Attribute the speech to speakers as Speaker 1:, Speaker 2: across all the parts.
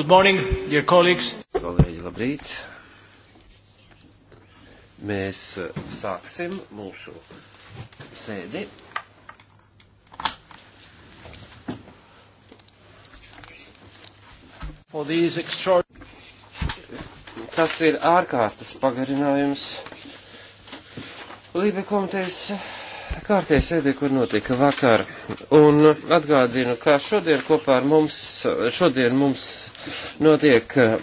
Speaker 1: Good morning, dear colleagues. Kolēģi, labrīt. Mēs eh, sāksim mūsu sēdi. For these extra... Tas ir ārkārtas pagarinājums Lībe komitejas kārtēji sēdē, kur notika vakar. Un atgādinu, ka šodien kopā ar mums, šodien mums notiek eh,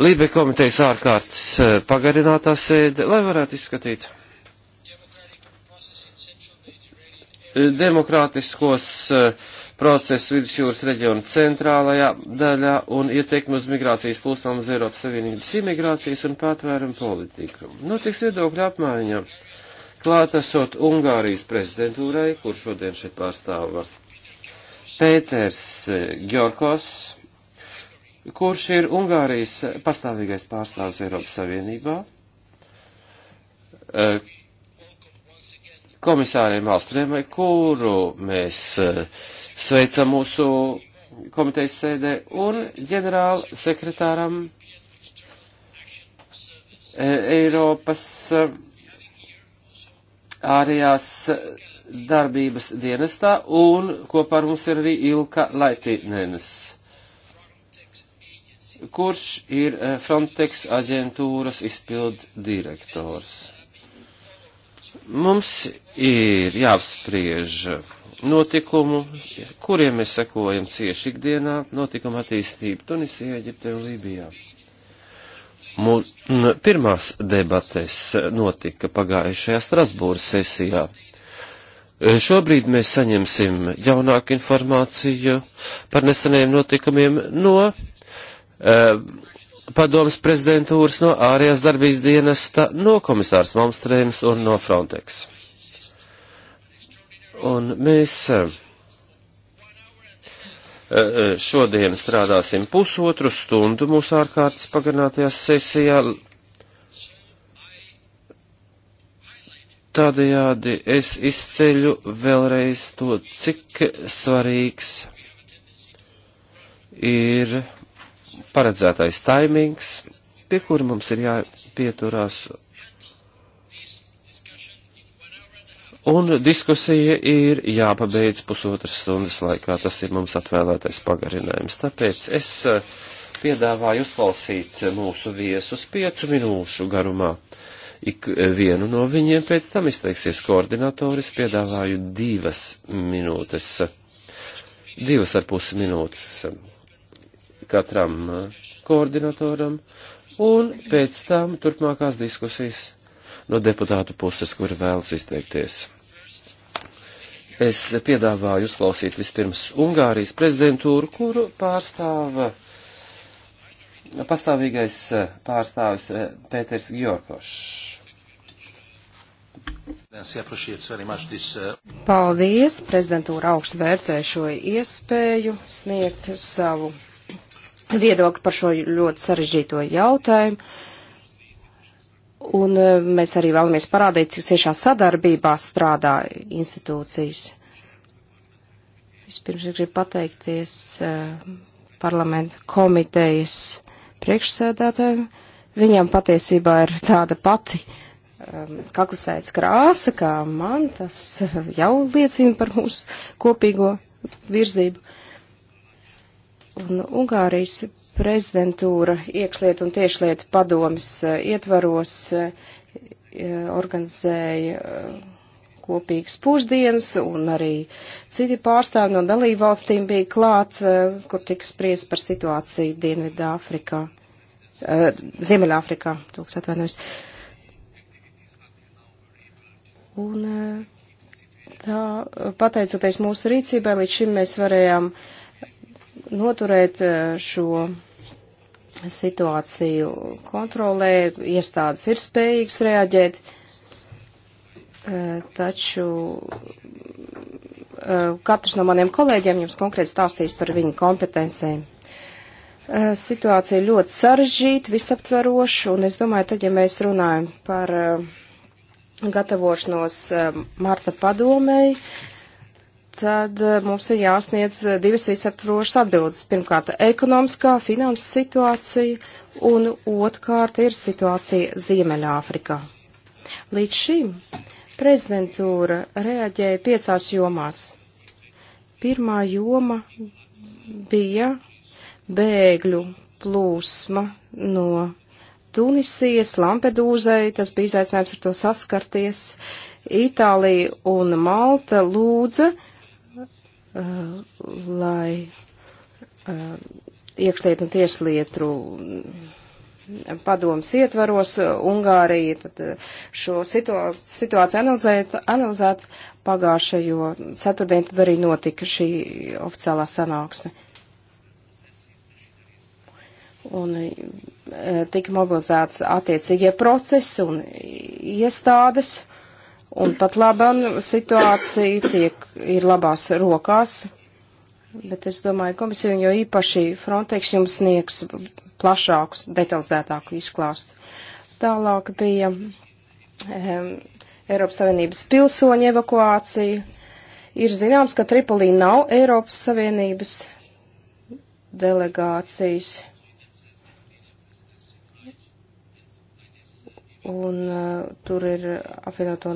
Speaker 1: Lībe komitejas ārkārtas eh, pagarinātā sēde, lai varētu izskatīt eh, demokrātiskos procesus vidusjūras reģiona centrālajā daļā un ietekmi uz migrācijas plūsmām uz Eiropas Savienības imigrācijas un patvērumu politiku. Notiks viedokļu apmaiņa klātesot Ungārijas prezidentūrai, kur šodien šeit pārstāva Pēters Gjorkos, kurš ir Ungārijas pastāvīgais pārstāvs Eiropas Savienībā, eh, komisāriem Alstrēmai, kuru mēs eh, sveicam mūsu komitejas sēdē, un ģenerāla sekretāram eh, Eiropas ārējās darbības dienestā, un kopā ar mums ir arī Ilka Laitīnenes, kurš ir eh, Frontex aģentūras izpild direktors. Mums ir jāapspriež notikumu, kuriem mēs sekojam cieši ikdienā, notikuma attīstību Tunisijā, Eģiptē un Lībijā. Mūs, pirmās debates notika pagājušajā Strasbūras sesijā. E, šobrīd mēs saņemsim jaunāku informāciju par nesenajiem notikumiem no eh, padomas prezidentūras, no ārējās darbības dienesta, no komisārs Malmstrēms un no Frontex. Un mēs eh, Eh, eh, šodien strādāsim pusotru stundu mūsu ārkārtas pagarinātajā sesijā. Tādējādi es izceļu vēlreiz to, cik svarīgs ir paredzētais taimings, pie kura mums ir jāpieturās Un diskusija ir jāpabeidz pusotras stundas laikā. Tas ir mums atvēlētais pagarinājums. Tāpēc es eh, piedāvāju uzklausīt mūsu viesus piecu minūšu garumā. Ik eh, vienu no viņiem pēc tam izteiksies koordinatoris, piedāvāju divas minūtes, divas ar pus minūtes katram eh, koordinatoram, un pēc tam turpmākās diskusijas no deputātu puses, kuri vēlas izteikties. Es piedāvāju uzklausīt vispirms Ungārijas prezidentūru, kuru pārstāva pastāvīgais pārstāvis eh, Pēters Gjorkošs. Eh,
Speaker 2: Paldies! Prezidentūra augstu vērtē šo iespēju sniegt savu viedokli par šo ļoti sarežģīto jautājumu. Un eh, mēs arī vēlamies parādīt, cik ciešā sadarbībā strādā institūcijas. Vispirms gribu pateikties eh, parlamenta komitejas priekšsēdētājiem. Viņam patiesībā ir tāda pati ehm, kaklasēts krāsa, kā man tas jau liecina par mūsu kopīgo virzību. Uh, Un Ungārijas prezidentūra iekšliet un tiešliet padomis eh, ietvaros eh, eh, organizēja kopīgas pusdienas, un arī citi pārstāvi no dalību valstīm bija klāt, kur tika spriest par situāciju Dienvidā Afrikā, Ziemeļāfrikā, tūks atvainojas. Un tā, pateicoties mūsu rīcībai, līdz šim mēs varējām uh, noturēt e, šo situāciju kontrolē, iestādes ir spējīgas reaģēt, e, taču e, katrs no maniem kolēģiem jums konkrēti stāstīs par viņu kompetencēm. Situācija ļoti sarežģīta, visaptveroša, un es domāju, tad, ja mēs runājam par gatavošanos Marta padomēji, tad eh, mums ir jāsniedz eh, divas izsaprošas atbildes. Pirmkārt, ekonomiskā finanses situācija, un otrkārt ir situācija Ziemeļāfrikā. Līdz šim prezidentūra reaģēja piecās jomās. Pirmā joma bija bēgļu plūsma no Tunisijas, Lampedūzai, tas bija izaicinājums ar to saskarties. Itālija un Malta lūdza uh, Uh, lai uh, iekšlietu un tieslietu mm, padomas ietvaros uh, Ungārija tad šo situāciju analizētu, analizētu pagājušajo ceturtdienu, tad arī notika šī oficiālā sanāksme. Un tika mobilizēts attiecīgie procesi un iestādes. Un pat labam situācija tiek, ir labās rokās, bet es domāju, komisija jo īpaši Frontex jums sniegs plašākus, detalizētāku izklāstu. Tālāk bija um, Eiropas Savienības pilsoņu evakuācija. Ir zināms, ka Tripolī nav Eiropas Savienības delegācijas. Un uh, tur ir apvienoto,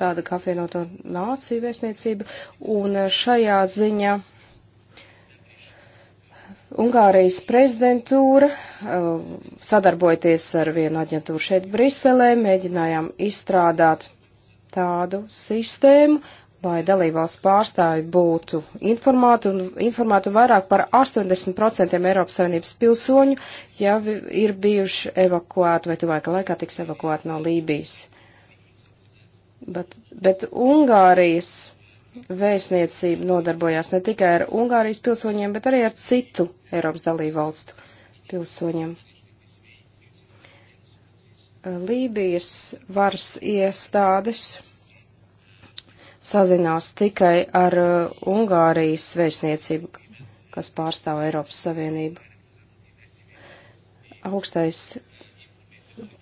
Speaker 2: tāda kā apvienoto nāciju vēstniecība. Un uh, šajā ziņā Ungārijas prezidentūra, uh, sadarbojoties ar vienu aģentūru šeit Briselē, mēģinājām izstrādāt tādu sistēmu, uh, lai dalībvalsts pārstāvi būtu informāti un, informāti un vairāk par 80% Eiropas Savienības pilsoņu jau ir bijuši evakuēti vai tuvākā laikā tiks evakuēti no Lībijas. Bet, bet Ungārijas vēstniecība nodarbojās ne tikai ar Ungārijas pilsoņiem, bet arī ar citu Eiropas dalībvalstu pilsoņiem. Lībijas varas iestādes sazinās tikai ar uh, Ungārijas vēstniecību, kas pārstāv Eiropas Savienību. Augstais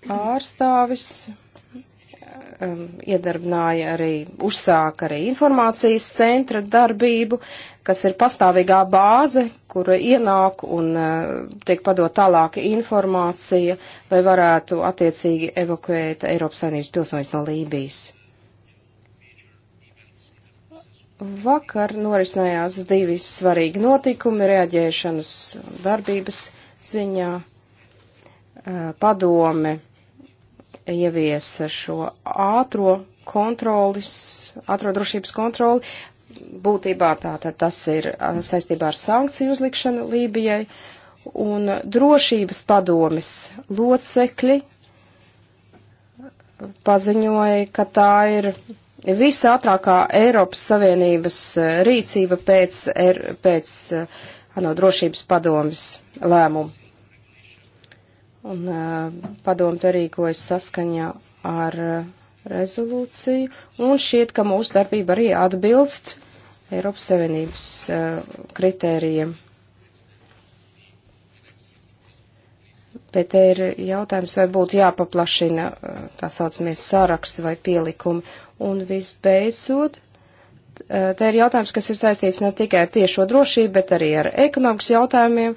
Speaker 2: pārstāvis um, iedarbināja arī, uzsāka arī informācijas centra darbību, kas ir pastāvīgā bāze, kura ienāk un uh, tiek padot tālāka informācija, lai varētu attiecīgi evakuēt Eiropas Savienības pilsoņus no Lībijas. Vakar norisinājās divi svarīgi notikumi reaģēšanas darbības ziņā. Padome ieviesa šo ātro kontrolis, ātro drošības kontroli. Būtībā tātad tas ir saistībā ar sankciju uzlikšanu Lībijai. Un drošības padomes locekļi paziņoja, ka tā ir visātrākā Eiropas Savienības e, rīcība pēc, er, pēc e, ano, drošības padomas lēmumu. Un e, padomu te rīkojas saskaņā ar rezolūciju, un šķiet, ka mūsu darbība arī atbilst Eiropas Savienības kritērijiem. bet te ir jautājums, vai būtu jāpaplašina tā saucamie sāraksti vai pielikumi. Un visbeidzot, eh, te ir jautājums, kas ir saistīts ne tikai ar tiešo drošību, bet arī ar ekonomikas jautājumiem,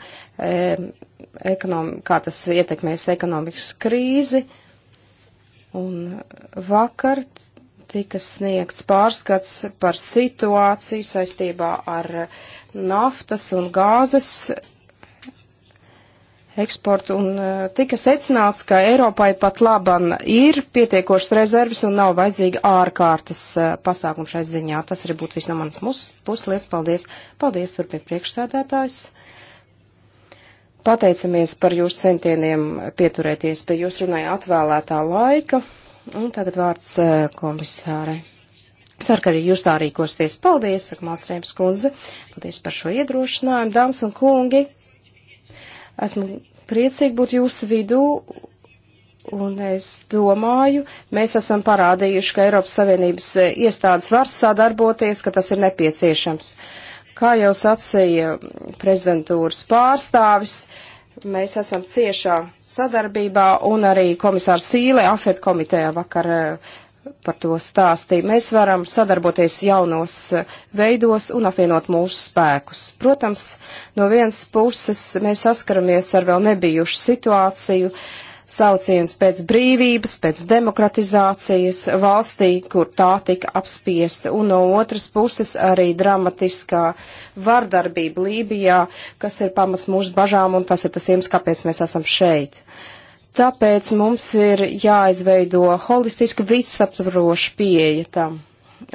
Speaker 2: ekonom, kā tas ietekmēs ekonomikas krīzi. Un vakar tika sniegts pārskats par situāciju saistībā ar naftas un gāzes eksportu, un e, tika secināts, ka Eiropai pat laban ir pietiekošas rezerves un nav vajadzīga ārkārtas e, pasākuma šai ziņā. Tas arī būtu viss no manas puslies. Paldies! Paldies, turpin priekšsēdētājs! Pateicamies par jūsu centieniem pieturēties pie jūsu runāja atvēlētā laika, un tagad vārds e, komisārai. Ceru, ka arī jūs tā rīkosties. Paldies, saka Māstrēms kundze. Paldies par šo iedrošinājumu, dāmas un kungi. Esmu priecīgi būt jūsu vidū, un es domāju, mēs esam parādījuši, ka Eiropas Savienības eh, iestādes var sadarboties, ka tas ir nepieciešams. Kā jau sacīja prezidentūras pārstāvis, mēs esam ciešā sadarbībā, un arī komisārs Fīle afet komitejā vakar eh, par to stāstīja. Mēs varam sadarboties jaunos eh, veidos un apvienot mūsu spēkus. Protams, no vienas puses mēs saskaramies ar vēl nebijušu situāciju, sauciens pēc brīvības, pēc demokratizācijas valstī, kur tā tika apspiesta, un no otras puses arī dramatiskā vardarbība Lībijā, kas ir pamats mūsu bažām, un tas ir tas iemesls, kāpēc mēs esam šeit. Uh, Tāpēc mums ir jāizveido holistiska visaptvaroša pieeja tam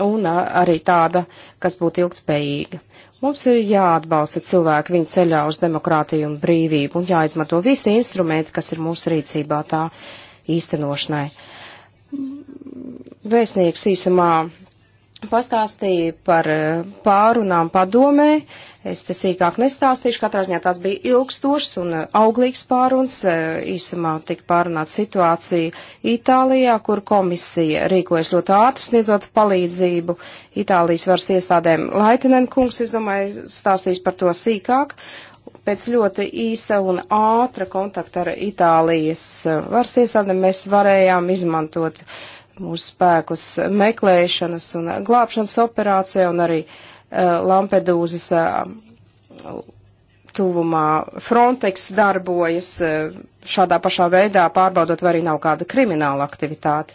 Speaker 2: un arī tāda, kas būtu ilgspējīga. Mums ir jāatbalsta cilvēki viņu ceļā uz demokrātiju un brīvību un jāizmanto visi instrumenti, kas ir mūsu rīcībā tā īstenošanai. Vēstnieks īsumā pastāstīja par eh, pārunām padomē. Es te sīkāk nestāstīšu, katrā ziņā tās bija ilgstošas un eh, auglīgs pāruns. Eh, īsumā tika pārunāta situācija Itālijā, kur komisija rīkojas ļoti ātri, sniedzot palīdzību Itālijas varas iestādēm. Laitinen kungs, es domāju, stāstīs par to sīkāk. Pēc ļoti īsa un ātra kontakta ar Itālijas varas iestādēm mēs varējām izmantot uh, mūsu spēkus meklēšanas un glābšanas operācijā un arī uh, Lampedūzas uh, tuvumā Frontex darbojas uh, šādā pašā veidā, pārbaudot, vai arī nav kāda krimināla aktivitāte.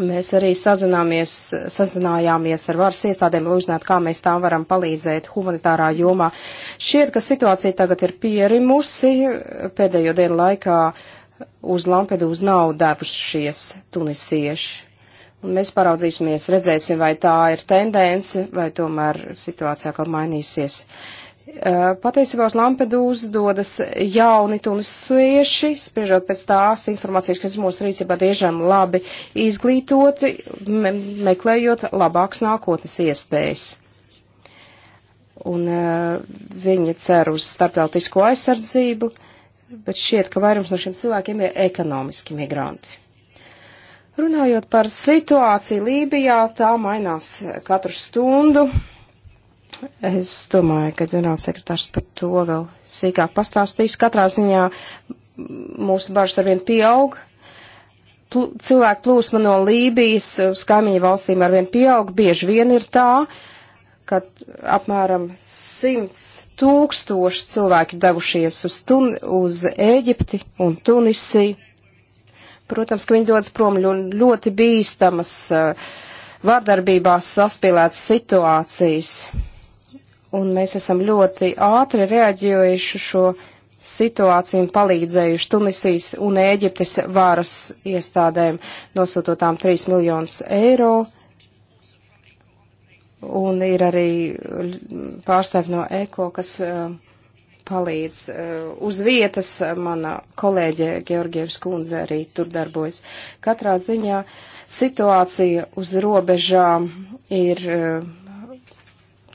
Speaker 2: Mēs arī sazinājāmies ar varas iestādēm, lai uzzinātu, kā mēs tām varam palīdzēt humanitārā jomā. Šķiet, ka situācija tagad ir pierimusi pēdējo dienu laikā. Uh, uz Lampedūzu nav devušies tunisieši. Un mēs paraudzīsimies, redzēsim, vai tā ir tendence, vai tomēr situācija atkal mainīsies. Patiesībā uz Lampedūzu dodas jauni tunisieši, spriežot pēc tās informācijas, kas mūsu rīcībā diezgan labi izglītoti, me meklējot labāks nākotnes iespējas un uh, viņi cer uz starptautisko aizsardzību bet šķiet, ka vairums no šiem cilvēkiem ir ekonomiski migranti. Runājot par situāciju Lībijā, tā mainās katru stundu. Es domāju, ka ģenerālsekretārs par to vēl sīkāk pastāstīs. Katrā ziņā mūsu bažas arvien pieaug. Pl cilvēku plūsma no Lībijas uz kaimiņu valstīm arvien pieaug. Bieži vien ir tā, uh, kad apmēram 100 tūkstoši cilvēki devušies uz, Tun uz Ēģipti un Tunisiju. Protams, ka viņi dodas prom ļoti bīstamas eh, vardarbībās saspīlētas situācijas. Un mēs esam ļoti ātri reaģējuši šo situāciju un palīdzējuši Tunisijas un Ēģiptes varas iestādēm, nosūtotām 3 miljonus eiro Un ir arī pārstāvi no ECO, kas uh, palīdz uh, uz vietas. Mana kolēģe Georgievs kundze arī tur darbojas. Katrā ziņā situācija uz robežām ir uh,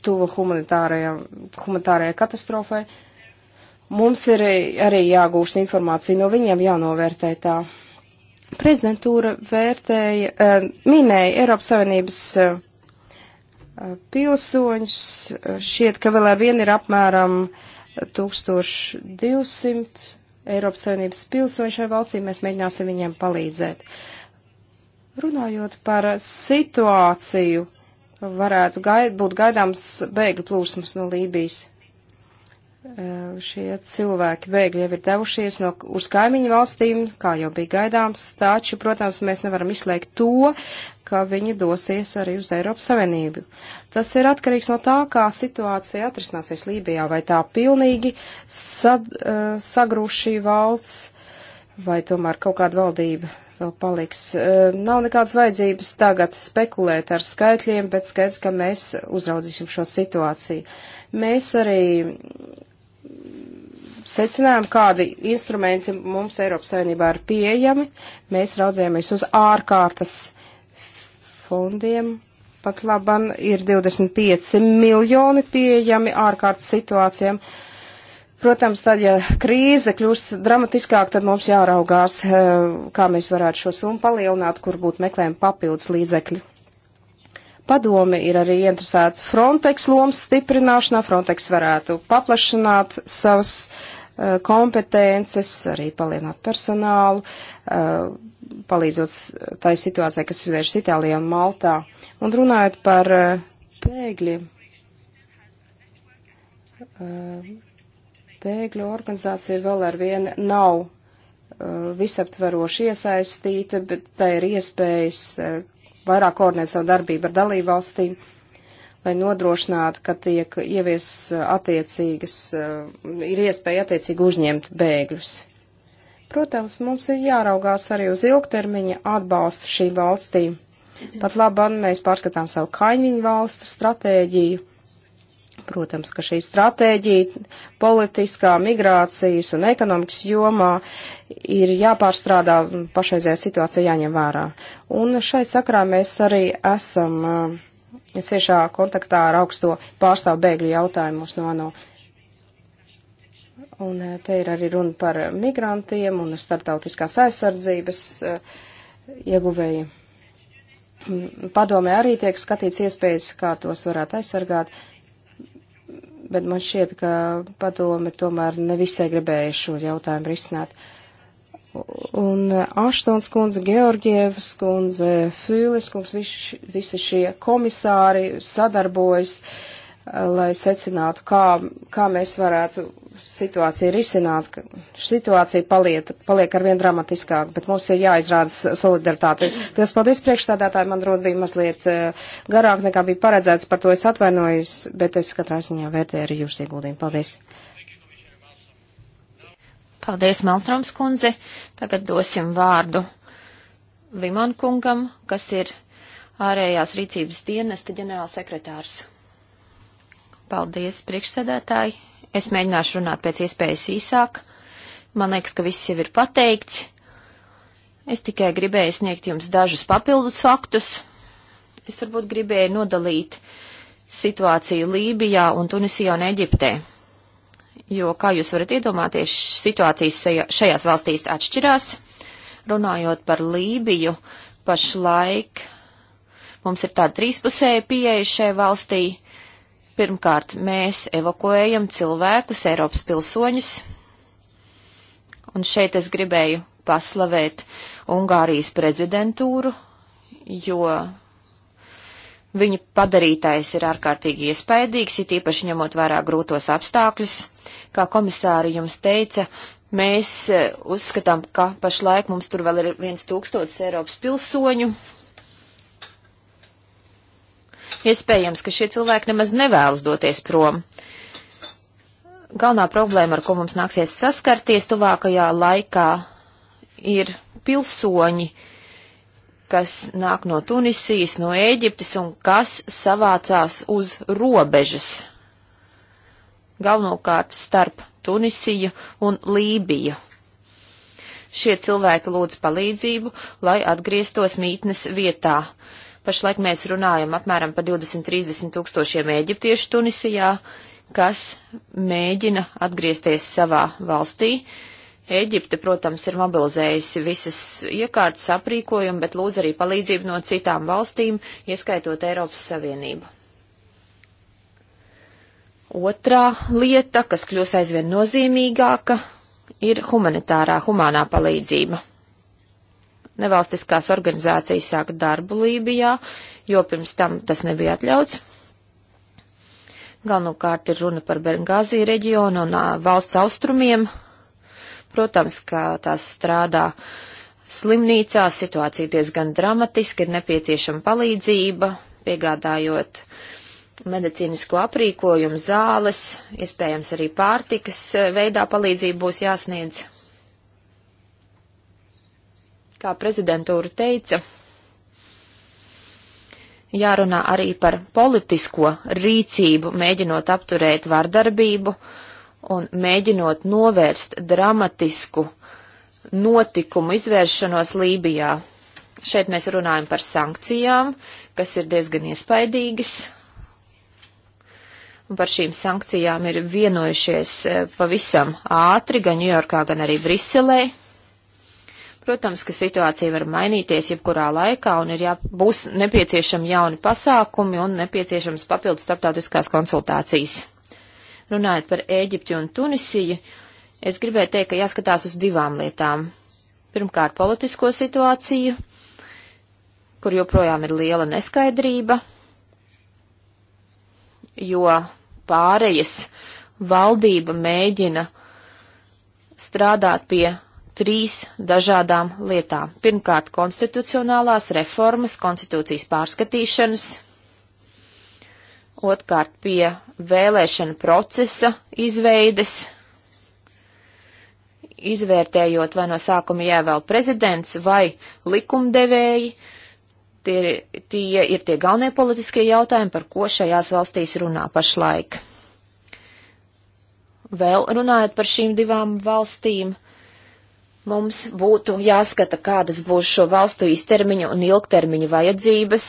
Speaker 2: tuva humanitārajai katastrofai. Mums ir arī jāgūst informācija no viņiem, jānovērtē tā. Prezidentūra vērtēja, minēja Eiropas Savienības pilsoņus. Šķiet, ka vēl ar vienu ir apmēram 1200 Eiropas Savienības pilsoņu šai valstī. Mēs mēģināsim viņiem palīdzēt. Runājot par situāciju, varētu gaid, būt gaidāms bēgļu plūsmas no Lībijas. Šie cilvēki bēgļi jau ir devušies no, uz kaimiņu valstīm, kā jau bija gaidāms, taču, protams, mēs nevaram izslēgt to, ka viņi dosies arī uz Eiropas Savienību. Tas ir atkarīgs no tā, kā situācija atrisināsies Lībijā, vai tā pilnīgi sad, uh, sagrūš šī valsts, vai tomēr kaut kāda valdība vēl paliks. Uh, nav nekādas vajadzības tagad spekulēt ar skaitļiem, bet skaidrs, ka mēs uzraudzīsim šo situāciju. Mēs arī secinājām, kādi instrumenti mums Eiropas Savienībā ir pieejami. Mēs raudzījāmies uz ārkārtas fondiem. Pat laban ir 25 miljoni pieejami ārkārtas situācijām. Protams, tad, ja krīze kļūst dramatiskāk, tad mums jāraugās, eh, kā mēs varētu šo summu palielināt, kur būtu meklējami papildus līdzekļi. Padomi ir arī interesēta Frontex lomas stiprināšanā. Frontex varētu paplašināt savas uh, Eh, kompetences, arī palielināt personālu, eh, palīdzot tai situācijai, kas izvēršas Itālijā un Maltā. Un runājot par eh, bēgļiem, bēgļu organizācija vēl ar vienu nav visaptvaroši iesaistīta, bet tai ir iespējas vairāk koordinēt savu darbību ar dalību valstīm lai nodrošinātu, ka tiek ievies uh, attiecīgas, uh, ir iespēja attiecīgi uzņemt bēgļus. Protams, mums ir jāraugās arī uz ilgtermiņa atbalstu šīm valstīm. Pat labam mēs pārskatām savu kaimiņu valstu stratēģiju. Protams, ka šī stratēģija politiskā, migrācijas un ekonomikas jomā ir jāpārstrādā pašreizējā situācija jāņem vērā. Un šai sakrā mēs arī esam uh, ja ciešā kontaktā ar augsto pārstāvu bēgļu jautājumus no ANO. Un eh, te ir arī runa par migrantiem un starptautiskās aizsardzības eh, ieguvēju. Padomē arī tiek skatīts iespējas, kā tos varētu aizsargāt, bet man šķiet, ka padome tomēr nevisai gribēja šo jautājumu risināt. Uh, Un e, Aštons kundze, Georgievs kundze, Fīlis kungs, visi, visi šie komisāri sadarbojas, e, lai secinātu, kā, kā mēs varētu situāciju risināt, ka situācija paliet, paliek arvien dramatiskāk, bet mums ir jāizrāda solidaritāte. Tas paldies priekšstādātāji, man rod bija mazliet e, garāk nekā bija paredzēts, par to es atvainojos, bet es katrā
Speaker 3: ziņā vērtēju arī jūsu ieguldījumu. Paldies! Paldies, Melstroms kundze. Tagad dosim vārdu Vimon kungam, kas ir ārējās rīcības dienesta ģenerālsekretārs. Paldies, priekšsēdētāji. Es mēģināšu runāt pēc iespējas īsāk. Man liekas, ka viss jau ir pateikts. Es tikai gribēju sniegt jums dažus papildus faktus. Es varbūt gribēju nodalīt situāciju Lībijā un Tunisijā un Eģiptē jo, kā jūs varat iedomāties, situācijas šajās valstīs atšķirās. Runājot par Lībiju, pašlaik mums ir tāda trīspusēja pieeja šai valstī. Pirmkārt, mēs evakuējam cilvēkus, Eiropas pilsoņus, un šeit es gribēju paslavēt Ungārijas prezidentūru, jo Viņa padarītais ir ārkārtīgi iespaidīgs, it īpaši ņemot vērā grūtos apstākļus. Kā komisāri jums teica, mēs e, uzskatām, ka pašlaik mums tur vēl ir viens tūkstots Eiropas pilsoņu. Iespējams, ka šie cilvēki nemaz nevēlas doties prom. Galvenā problēma, ar ko mums nāksies saskarties tuvākajā laikā, ir pilsoņi, uh, kas nāk no Tunisijas, no Ēģiptes un kas savācās uz robežas. Galvenokārt starp Tunisiju un Lībiju. Šie cilvēki lūdz palīdzību, lai atgrieztos mītnes vietā. Pašlaik mēs runājam apmēram par 20-30 tūkstošiem eģiptiešu Tunisijā, kas mēģina atgriezties savā valstī, uh, Eģipte, protams, ir mobilizējusi visas iekārtas aprīkojumu, bet lūdz arī palīdzību no citām valstīm, ieskaitot Eiropas Savienību. Otrā lieta, kas kļūs aizvien nozīmīgāka, ir humanitārā, humānā palīdzība. Nevalstiskās organizācijas sāka darbu Lībijā, jo pirms tam tas nebija atļauts. Galvenokārt ir runa par Bengāzī reģionu un valsts austrumiem, Protams, ka tās strādā slimnīcā, situācija diezgan dramatiska, ir nepieciešama palīdzība, piegādājot medicīnisko aprīkojumu, zāles, iespējams arī pārtikas e, veidā palīdzību būs jāsniedz. Kā prezidentūra teica, jārunā arī par politisko rīcību, mēģinot apturēt vardarbību, uh, un mēģinot novērst dramatisku notikumu izvēršanos Lībijā. Šeit mēs runājam par sankcijām, kas ir diezgan iespaidīgas. Un par šīm sankcijām ir vienojušies e, pavisam ātri, gan Ņujorkā, gan arī Briselē. Protams, ka situācija var mainīties jebkurā laikā un ir jā, būs nepieciešami jauni pasākumi un nepieciešams papildus starptautiskās konsultācijas. Runājot par Ēģipti un Tunisiju, es gribēju teikt, ka jāskatās uz divām lietām. Pirmkārt, politisko situāciju, kur joprojām ir liela neskaidrība, jo pārējas valdība mēģina strādāt pie trīs dažādām lietām. Pirmkārt, konstitucionālās reformas, konstitūcijas pārskatīšanas, otkārt pie vēlēšana procesa izveides, izvērtējot vai no sākuma jāvēl prezidents vai likumdevēji. Tie, tie ir tie galvenie politiskie jautājumi, par ko šajās valstīs runā pašlaik. Vēl runājot par šīm divām valstīm, mums būtu jāskata, kādas būs šo valstu īstermiņu un ilgtermiņu vajadzības,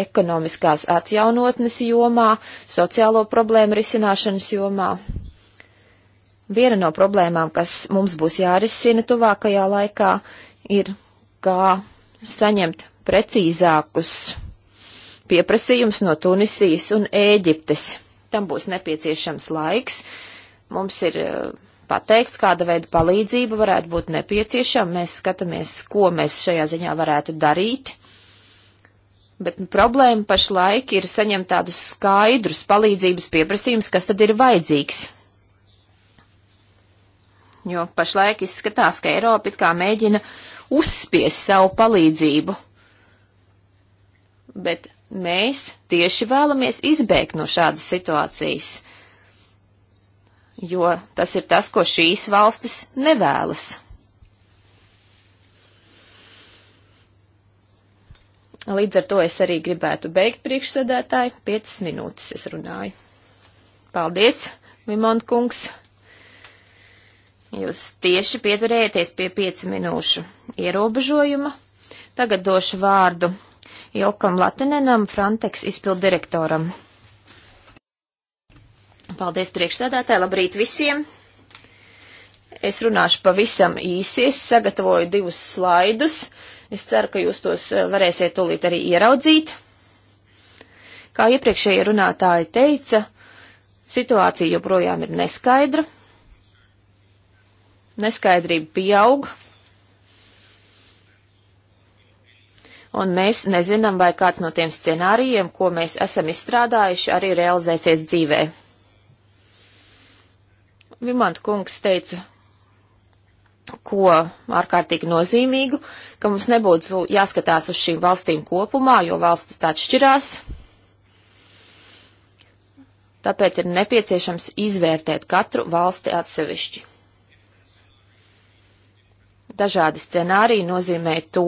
Speaker 3: ekonomiskās atjaunotnes jomā, sociālo problēmu risināšanas jomā. Viena no problēmām, kas mums būs jārisina tuvākajā laikā, ir, kā saņemt precīzākus pieprasījums no Tunisijas un Ēģiptes. Tam būs nepieciešams laiks. Mums ir eh, pateikts, kāda veida palīdzība varētu būt nepieciešama. Mēs skatāmies, ko mēs šajā ziņā varētu darīt. Bet nu, problēma pašlaik ir saņemt tādus skaidrus palīdzības pieprasījumus, kas tad ir vajadzīgs. Jo pašlaik izskatās, ka Eiropa it kā mēģina uzspies savu palīdzību. Bet mēs tieši vēlamies izbēgt no šādas situācijas, jo tas ir tas, ko šīs valstis nevēlas. Līdz ar to es arī gribētu beigt priekšsēdētāji. 5 minūtes es runāju. Paldies, Vimont kungs. Jūs tieši pieturējieties pie 5 minūšu ierobežojuma. Tagad došu vārdu Ilkam Latinenam, Frontex izpildirektoram. Paldies priekšsēdētāji, labrīt visiem! Es runāšu pavisam īsi, es sagatavoju divus slaidus Es ceru, ka jūs tos eh, varēsiet tūlīt arī ieraudzīt. Kā iepriekšējie runātāji teica, situācija joprojām ir neskaidra. Neskaidrība pieaug. Un mēs nezinām, vai kāds no tiem scenārijiem, ko mēs esam izstrādājuši, arī realizēsies dzīvē. Vimant kungs teica, ko ārkārtīgi nozīmīgu, ka mums nebūtu jāskatās uz šīm valstīm kopumā, jo valstis atšķirās. Tāpēc ir nepieciešams izvērtēt katru valsti atsevišķi. Dažādi scenāriji nozīmē to,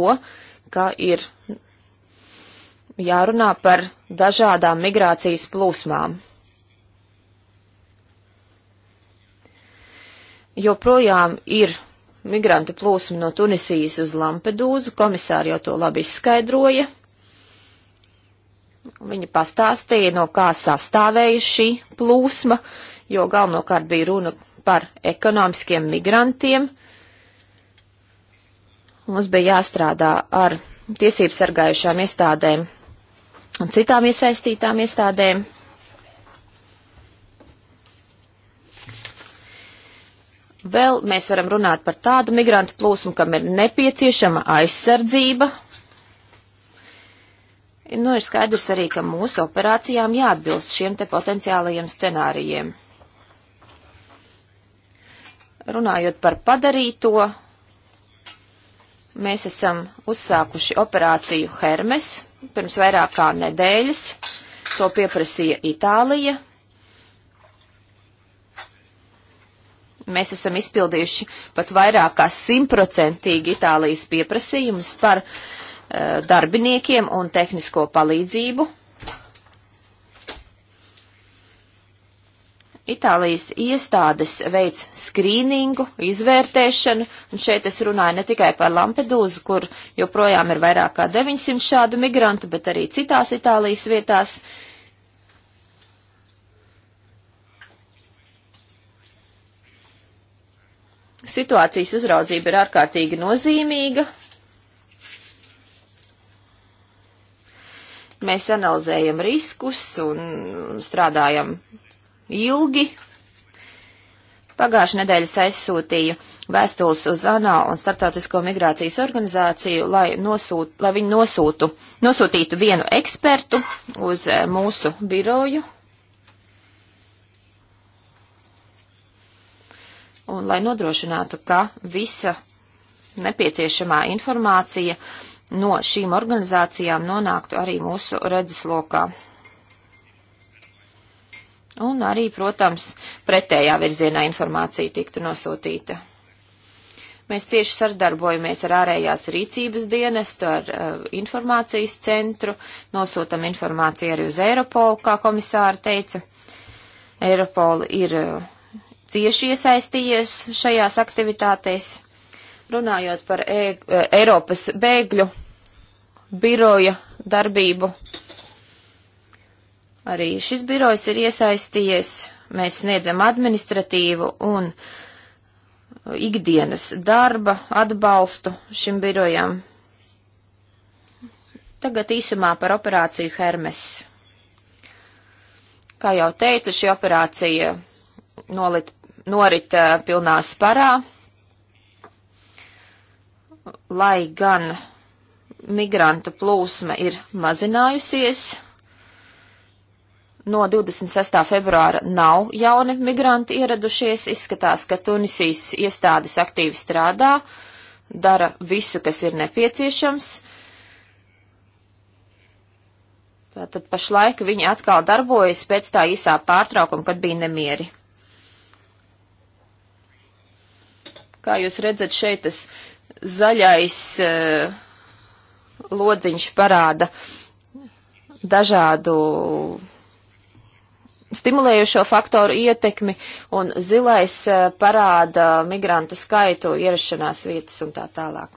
Speaker 3: ka ir jārunā par dažādām migrācijas plūsmām. Joprojām ir migrantu plūsmu no Tunisijas uz Lampedūzu. Komisāri jau to labi izskaidroja. Viņa pastāstīja, no kā sastāvēja šī plūsma, jo galvenokārt bija runa par ekonomiskiem migrantiem. Mums bija jāstrādā ar tiesību sargājušām iestādēm un citām iesaistītām iestādēm, Vēl mēs varam runāt par tādu migrantu plūsmu, kam ir nepieciešama aizsardzība. Nu, ir skaidrs arī, ka mūsu operācijām jāatbilst šiem te potenciālajiem scenārijiem. Runājot par padarīto, mēs esam uzsākuši operāciju Hermes pirms vairāk kā nedēļas. To pieprasīja Itālija. Mēs esam izpildījuši pat vairāk kā simtprocentīgi Itālijas pieprasījumus par uh, darbiniekiem un tehnisko palīdzību. Itālijas iestādes veids skrīningu, izvērtēšanu, un šeit es runāju ne tikai par Lampedūzu, kur joprojām ir vairāk kā 900 šādu migrantu, bet arī citās Itālijas vietās. Uh, Situācijas uzraudzība ir ārkārtīgi nozīmīga. Mēs analizējam riskus un strādājam ilgi. Pagājušajā nedēļā aizsūtīju vēstules uz ANO un Startautisko migrācijas organizāciju, lai, nosūt, lai viņi nosūtu, nosūtītu vienu ekspertu uz eh, mūsu biroju un lai nodrošinātu, ka visa nepieciešamā informācija no šīm organizācijām nonāktu arī mūsu redzeslokā. Un arī, protams, pretējā virzienā informācija tiktu nosūtīta. Mēs cieši sardarbojamies ar ārējās rīcības dienestu, ar uh, informācijas centru, nosūtam informāciju arī uz Eiropolu, kā komisāra teica. Eiropola ir uh, cieši iesaistījies šajās aktivitātēs. Runājot par e, e Eiropas bēgļu biroja darbību, arī šis birojs ir iesaistījies. Mēs sniedzam administratīvu un ikdienas darba atbalstu šim birojam. Tagad īsumā par operāciju Hermes. Kā jau teicu, šī operācija nolit norit eh, pilnā sparā, lai gan migrantu plūsma ir mazinājusies. No 26. februāra nav jauni migranti ieradušies. Izskatās, ka Tunisijas iestādes aktīvi strādā, dara visu, kas ir nepieciešams. Tātad pašlaik viņi atkal darbojas pēc tā īsā pārtraukuma, kad bija nemieri. Kā jūs redzat, šeit tas zaļais uh, lodziņš parāda dažādu stimulējušo faktoru ietekmi, un zilais eh, parāda migrantu skaitu, ierašanās vietas un tā tālāk.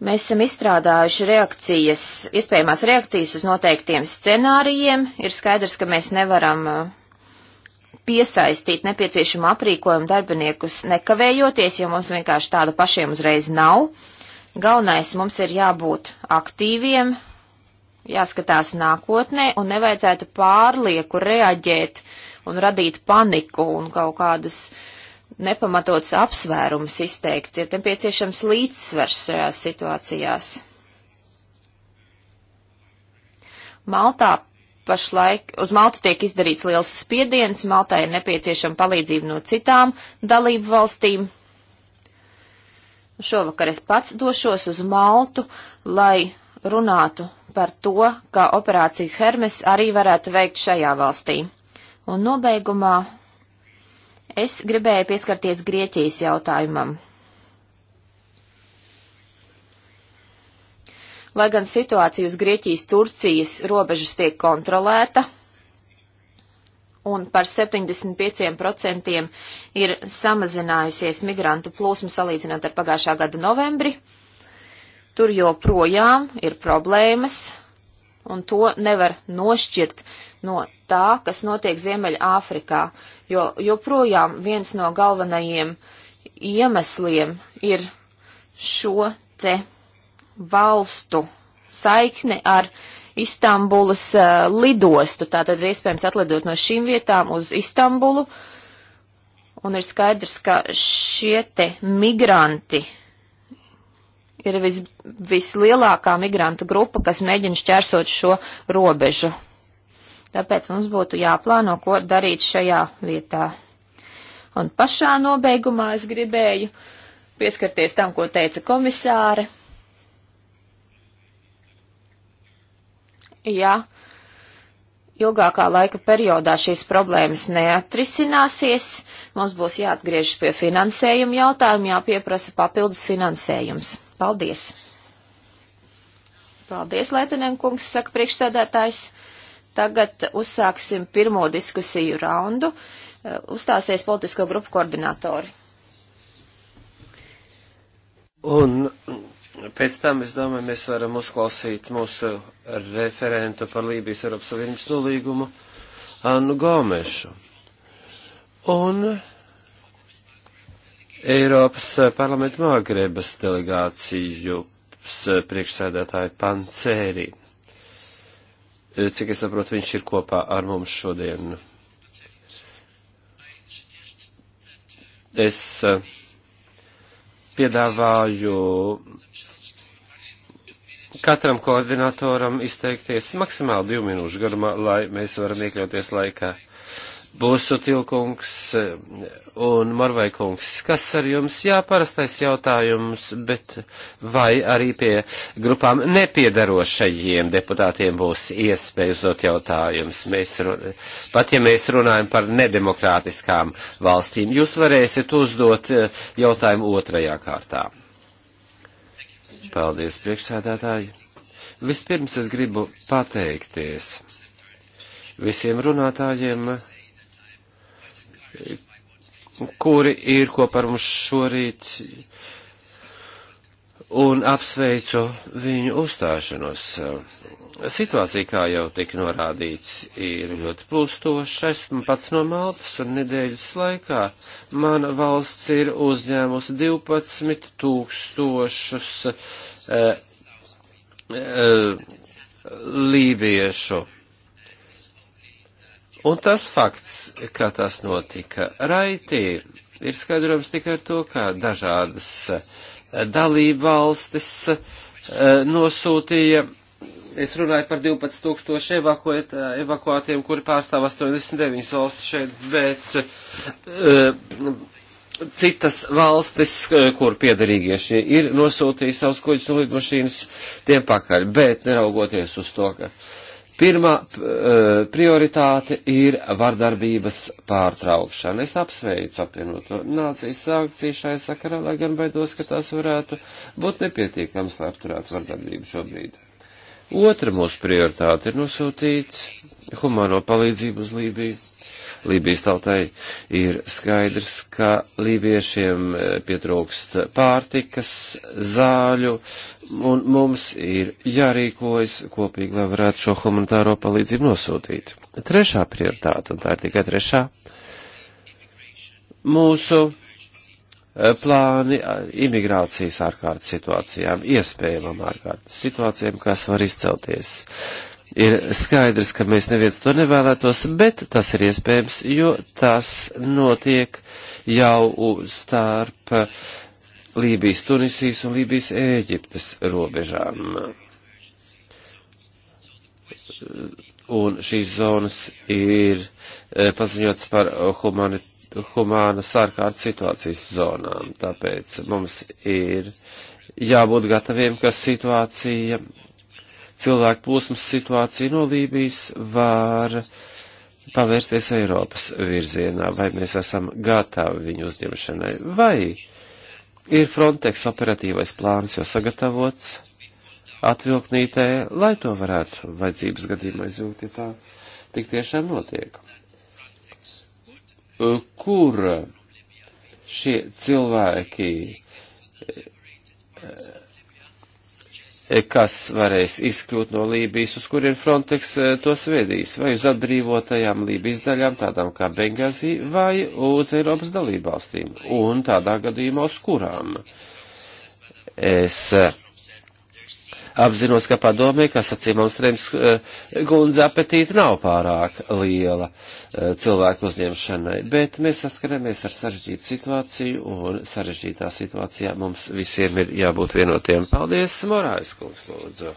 Speaker 3: Mēs esam izstrādājuši reakcijas, iespējamās reakcijas uz noteiktiem scenārijiem. Ir skaidrs, ka mēs nevaram eh, piesaistīt nepieciešamu aprīkojumu darbiniekus nekavējoties, jo mums vienkārši tādu pašiem uzreiz nav. Galvenais mums ir jābūt aktīviem, jāskatās nākotnē un nevajadzētu pārlieku reaģēt un radīt paniku un kaut kādus nepamatots apsvērums izteikt. Ir nepieciešams līdzsvers šajās situācijās. Maltā pašlaik uz Maltu tiek izdarīts liels spiediens, Maltai ir nepieciešama palīdzība no citām dalību valstīm. Šovakar es pats došos uz Maltu, lai runātu par to, kā operāciju Hermes arī varētu veikt šajā valstī. Un nobeigumā es gribēju pieskarties Grieķijas jautājumam. Lai gan situācija uz Grieķijas-Turcijas robežas tiek kontrolēta un par 75% ir samazinājusies migrantu plūsma salīdzinot ar pagājušā gada novembri, tur joprojām ir problēmas, un to nevar nošķirt no tā, kas notiek Ziemeļāfrikā, jo joprojām viens no galvenajiem iemesliem ir šo te valstu saikne ar Istambulas uh, lidostu. Tātad ir iespējams atlidot no šīm vietām uz Istambulu. Un ir skaidrs, ka šie te migranti ir vis, vislielākā migrantu grupa, kas mēģina šķērsot šo robežu. Tāpēc mums būtu jāplāno, ko darīt šajā vietā. Un pašā nobeigumā es gribēju pieskarties tam, ko teica komisāre. ja ilgākā laika periodā šīs problēmas neatrisināsies, mums būs jāatgriežas pie finansējuma jautājuma, jāpieprasa papildus finansējums. Paldies! Paldies, Lētinēm kungs, saka priekšsēdētājs. Tagad uzsāksim pirmo diskusiju raundu. Uh, uzstāsies politisko grupu koordinatori.
Speaker 1: Un Pēc tam, es domāju, mēs varam uzklausīt mūsu referentu par Lībijas Eiropas Savienības nolīgumu Annu Gomešu. Un Eiropas parlamenta Māgrebas delegāciju priekšsēdētāju Pancēri. Cik es saprotu, viņš ir kopā ar mums šodien. Es uh, piedāvāju katram koordinatoram izteikties maksimāli divu minūšu garumā, lai mēs varam iekļauties laikā. Būsutilkungs eh, un Morvaikungs, kas ar jums? Jā, parastais jautājums, bet vai arī pie grupām nepiedarošajiem deputātiem būs iespēja uzdot jautājumus? Mēs, pat ja mēs runājam par nedemokrātiskām valstīm, jūs varēsiet uzdot eh, jautājumu otrajā kārtā. Paldies, priekšsēdētāji. Vispirms es gribu pateikties visiem runātājiem kuri ir kopā ar mums šorīt un apsveicu viņu uzstāšanos. Situācija, kā jau tika norādīts, ir ļoti plūstoša. Esmu pats no Maltas un nedēļas laikā mana valsts ir uzņēmusi 12 tūkstošus eh, eh, lībiešu Un tas fakts, ka tas notika raitī, ir skaidrojams tikai ar to, ka dažādas eh, dalība valstis eh, nosūtīja es runāju par 12 tūkstošu evakuēt, evakuātiem, kuri pārstāv 89 valstis šeit, bet uh, citas valstis, kur piedarīgie šie ir, nosūtīja savus kuģus un lidmašīnas tiem pakaļ. Bet neraugoties uz to, ka Pirmā eh, prioritāte ir vardarbības pārtraukšana. Es apsveicu apvienoto nāciju sankciju šai sakarā, lai gan baidos, ka tās varētu būt nepietiekams, lai apturētu vardarbību šobrīd. Otra mūsu prioritāte ir nosūtīt humano palīdzību uz Lībijas Lībijas tautai ir skaidrs, ka lībiešiem eh, pietrūkst pārtikas, zāļu, un mums ir jārīkojas kopīgi, lai varētu šo humanitāro palīdzību nosūtīt. Trešā prioritāte, un tā ir tikai trešā, mūsu eh, plāni eh, imigrācijas ārkārtas situācijām, iespējamām ārkārtas situācijām, kas var izcelties. Uh, Ir skaidrs, ka mēs neviens to nevēlētos, bet tas ir iespējams, jo tas notiek jau starp Lībijas, Tunisijas un Lībijas Ēģiptes robežām. Un šīs zonas ir eh, paziņots par humanit humānas ārkārtas situācijas zonām, tāpēc mums ir jābūt gataviem, ka situācija cilvēku plūsmas situācija no Lībijas var pavērsties Eiropas virzienā, vai mēs esam gatavi viņu uzņemšanai, vai ir Frontex operatīvais plāns jau sagatavots atvilknītē, lai to varētu vajadzības gadījumā izjūt, ja tā tik tiešām notiek. Kur šie cilvēki kas varēs izkļūt no Lībijas, uz kurien Frontex eh, tos vedīs, vai uz atbrīvotajām Lībijas daļām, tādām kā Bengāzī, vai uz Eiropas dalībvalstīm, un tādā gadījumā uz kurām. Es eh, apzinos, ka padomē, kas acīm Austrēms eh, gundze apetīti nav pārāk liela eh, cilvēku uzņemšanai, bet mēs saskaramies ar sarežģītu situāciju un sarežģītā situācijā mums visiem ir jābūt vienotiem. Paldies, Morājas kungs, lūdzu.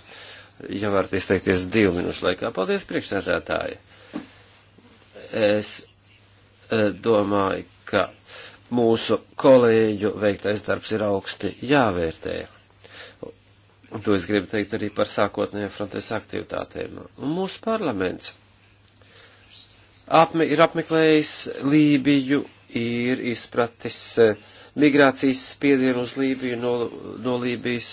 Speaker 1: Ja varat izteikties divu minūšu laikā, paldies priekšsēdētāji. Es eh, domāju, ka mūsu kolēģu veiktais darbs ir augsti jāvērtē. Un to es gribu teikt arī par sākotnējiem frontes aktivitātēm. Un mūsu parlaments apme, ir apmeklējis Lībiju, ir izpratis eh, migrācijas spiedienu uz Lībiju no, no Lībijas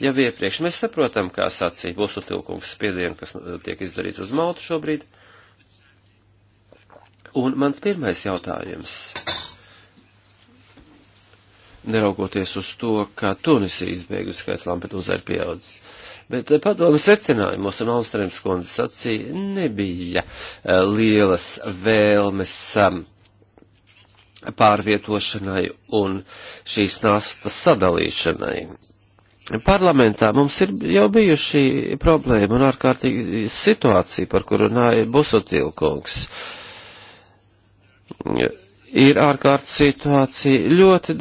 Speaker 1: jau iepriekš. Mēs saprotam, kā sacīja būsu tilkums spiedienu, kas eh, tiek izdarīts uz Maltu šobrīd. Un mans pirmais jautājums neraugoties uz to, ka Tunisijas bēgļu skaits Lampedūzā ir pieaudzis. Bet eh, padomu secinājumos un Alstrēms kundze sacīja, nebija eh, lielas vēlmes um, pārvietošanai un šīs nāstas sadalīšanai. Parlamentā mums ir jau bijuši problēma un ārkārtīgi situācija, par kuru runāja Busutilkungs ir ārkārtas situācija. Ļoti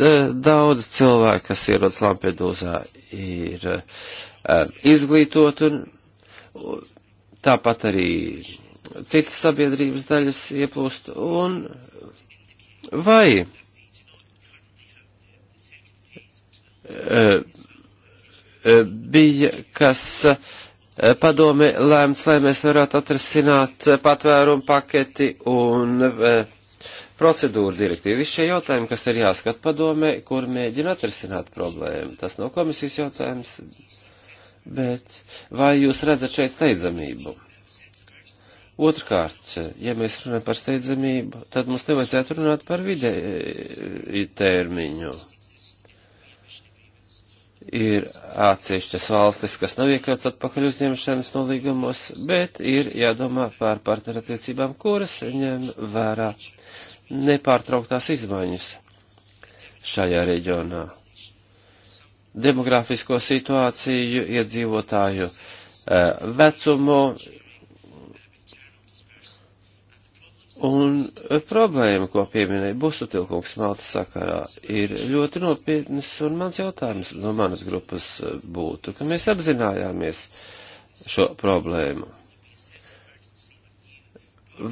Speaker 1: daudz cilvēku, kas ierodas Lampedūzā, ir uh, izglītot un tāpat arī citas sabiedrības daļas ieplūst. Un vai uh, bija kas padome lēmts, lai mēs varētu atrisināt patvērumu paketi un uh, procedūra direktīva. Visi šie jautājumi, kas ir jāskat padomē, kur mēģina atrisināt problēmu. Tas nav komisijas jautājums, bet vai jūs redzat šeit steidzamību? Otrkārt, ja mēs runājam par steidzamību, tad mums nevajadzētu runāt par vidēju e, termiņu. Ir atsevišķas valstis, kas nav iekļauts atpakaļ uzņemšanas nolīgumos, bet ir jādomā par partnerattiecībām, kuras ņem vērā nepārtrauktās izmaiņas šajā reģionā. Demografisko situāciju, iedzīvotāju eh, vecumu un problēma, ko pieminēja Busutilkungs Maltas sakarā, ir ļoti nopietnas, un mans jautājums no manas grupas būtu, ka mēs apzinājāmies šo problēmu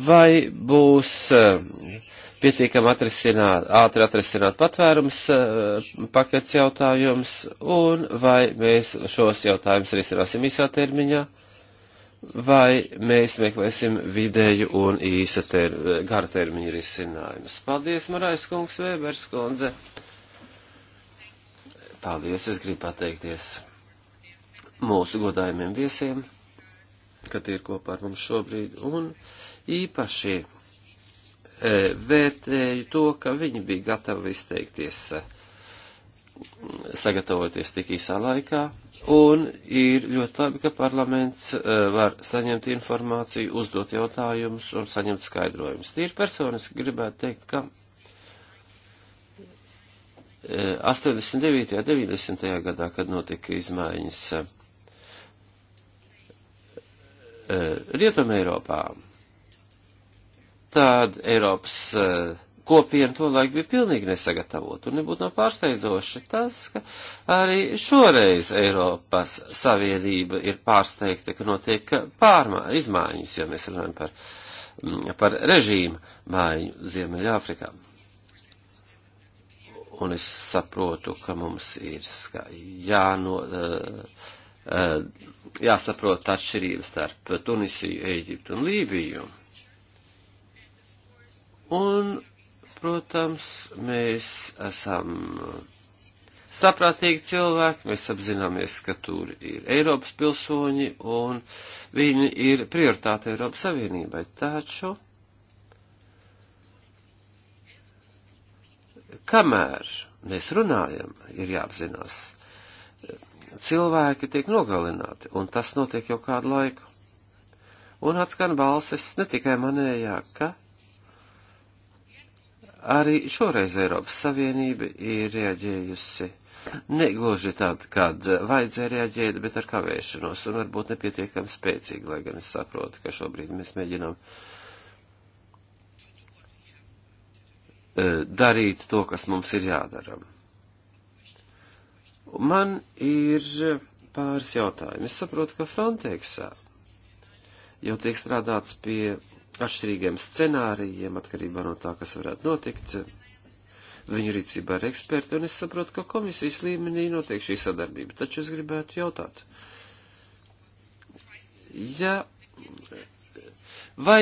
Speaker 1: vai būs eh, pietiekami atrisināt, ātri atrisināt patvērums eh, pakets jautājums un vai mēs šos jautājumus risināsim īsā termiņā vai mēs meklēsim vidēju un īsa ter, gara termiņa risinājumus. Paldies, Marais kungs, Vēbers kundze. Paldies, es gribu pateikties mūsu godājumiem viesiem, kad ir kopā ar mums šobrīd un īpaši E, vērtēju to, ka viņi bija gatavi izteikties, e, sagatavoties tik īsā laikā, un ir ļoti labi, ka parlaments e, var saņemt informāciju, uzdot jautājumus un saņemt skaidrojumus. Tīri personiski gribētu teikt, ka 89. un 90. gadā, kad notika izmaiņas Rietumē Eiropā, tad Eiropas eh, kopiena to laiku bija pilnīgi nesagatavota. Un nebūtu nav pārsteidzoši tas, ka arī šoreiz Eiropas Savienība ir pārsteigta, ka notiek pārmā, izmaiņas, jo mēs runājam par, mm, par režīmu mājiņu Ziemeļāfrikā. Un es saprotu, ka mums ir jāno, eh, eh, jāsaprot atšķirības starp Tunisiju, Eģiptu un Lībiju Un, protams, mēs esam saprātīgi cilvēki, mēs apzināmies, ka tur ir Eiropas pilsoņi un viņi ir prioritāte Eiropas Savienībai. Taču, kamēr mēs runājam, ir jāapzinās, cilvēki tiek nogalināti, un tas notiek jau kādu laiku. Un atskan balsis ne tikai manējā, ka Arī šoreiz Eiropas Savienība ir reaģējusi negluži tad, kad vajadzēja reaģēt, bet ar kavēšanos un varbūt nepietiekami spēcīgi, lai gan es saprotu, ka šobrīd mēs mēģinām e, darīt to, kas mums ir jādara. Man ir pāris jautājumi. Es saprotu, ka Frontexā jau tiek strādāts pie atšķirīgiem scenārijiem, atkarībā no tā, kas varētu notikt. Viņu rīcībā ir eksperti, un es saprotu, ka komisijas līmenī notiek šī sadarbība. Taču es gribētu jautāt, ja vai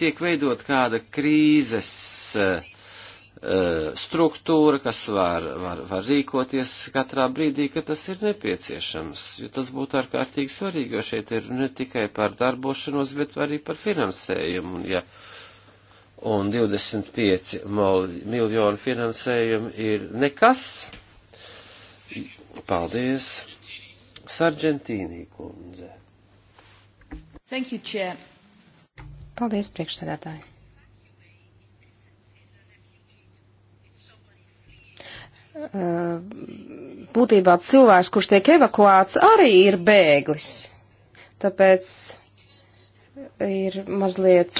Speaker 1: tiek veidot kāda krīzes uh, Eh, struktūra, kas var, var, var rīkoties katrā brīdī, kad tas ir nepieciešams, jo tas būtu ārkārtīgi svarīgi, jo šeit ir ne tikai par darbošanos, bet arī par finansējumu. Un, ja, un 25 miljonu finansējumu ir nekas. Paldies, Sargentīnī kundze.
Speaker 2: Thank you, Chair. Paldies, priekšsēdētāji. Eh, būtībā cilvēks, kurš tiek evakuēts, arī ir bēglis. Tāpēc ir mazliet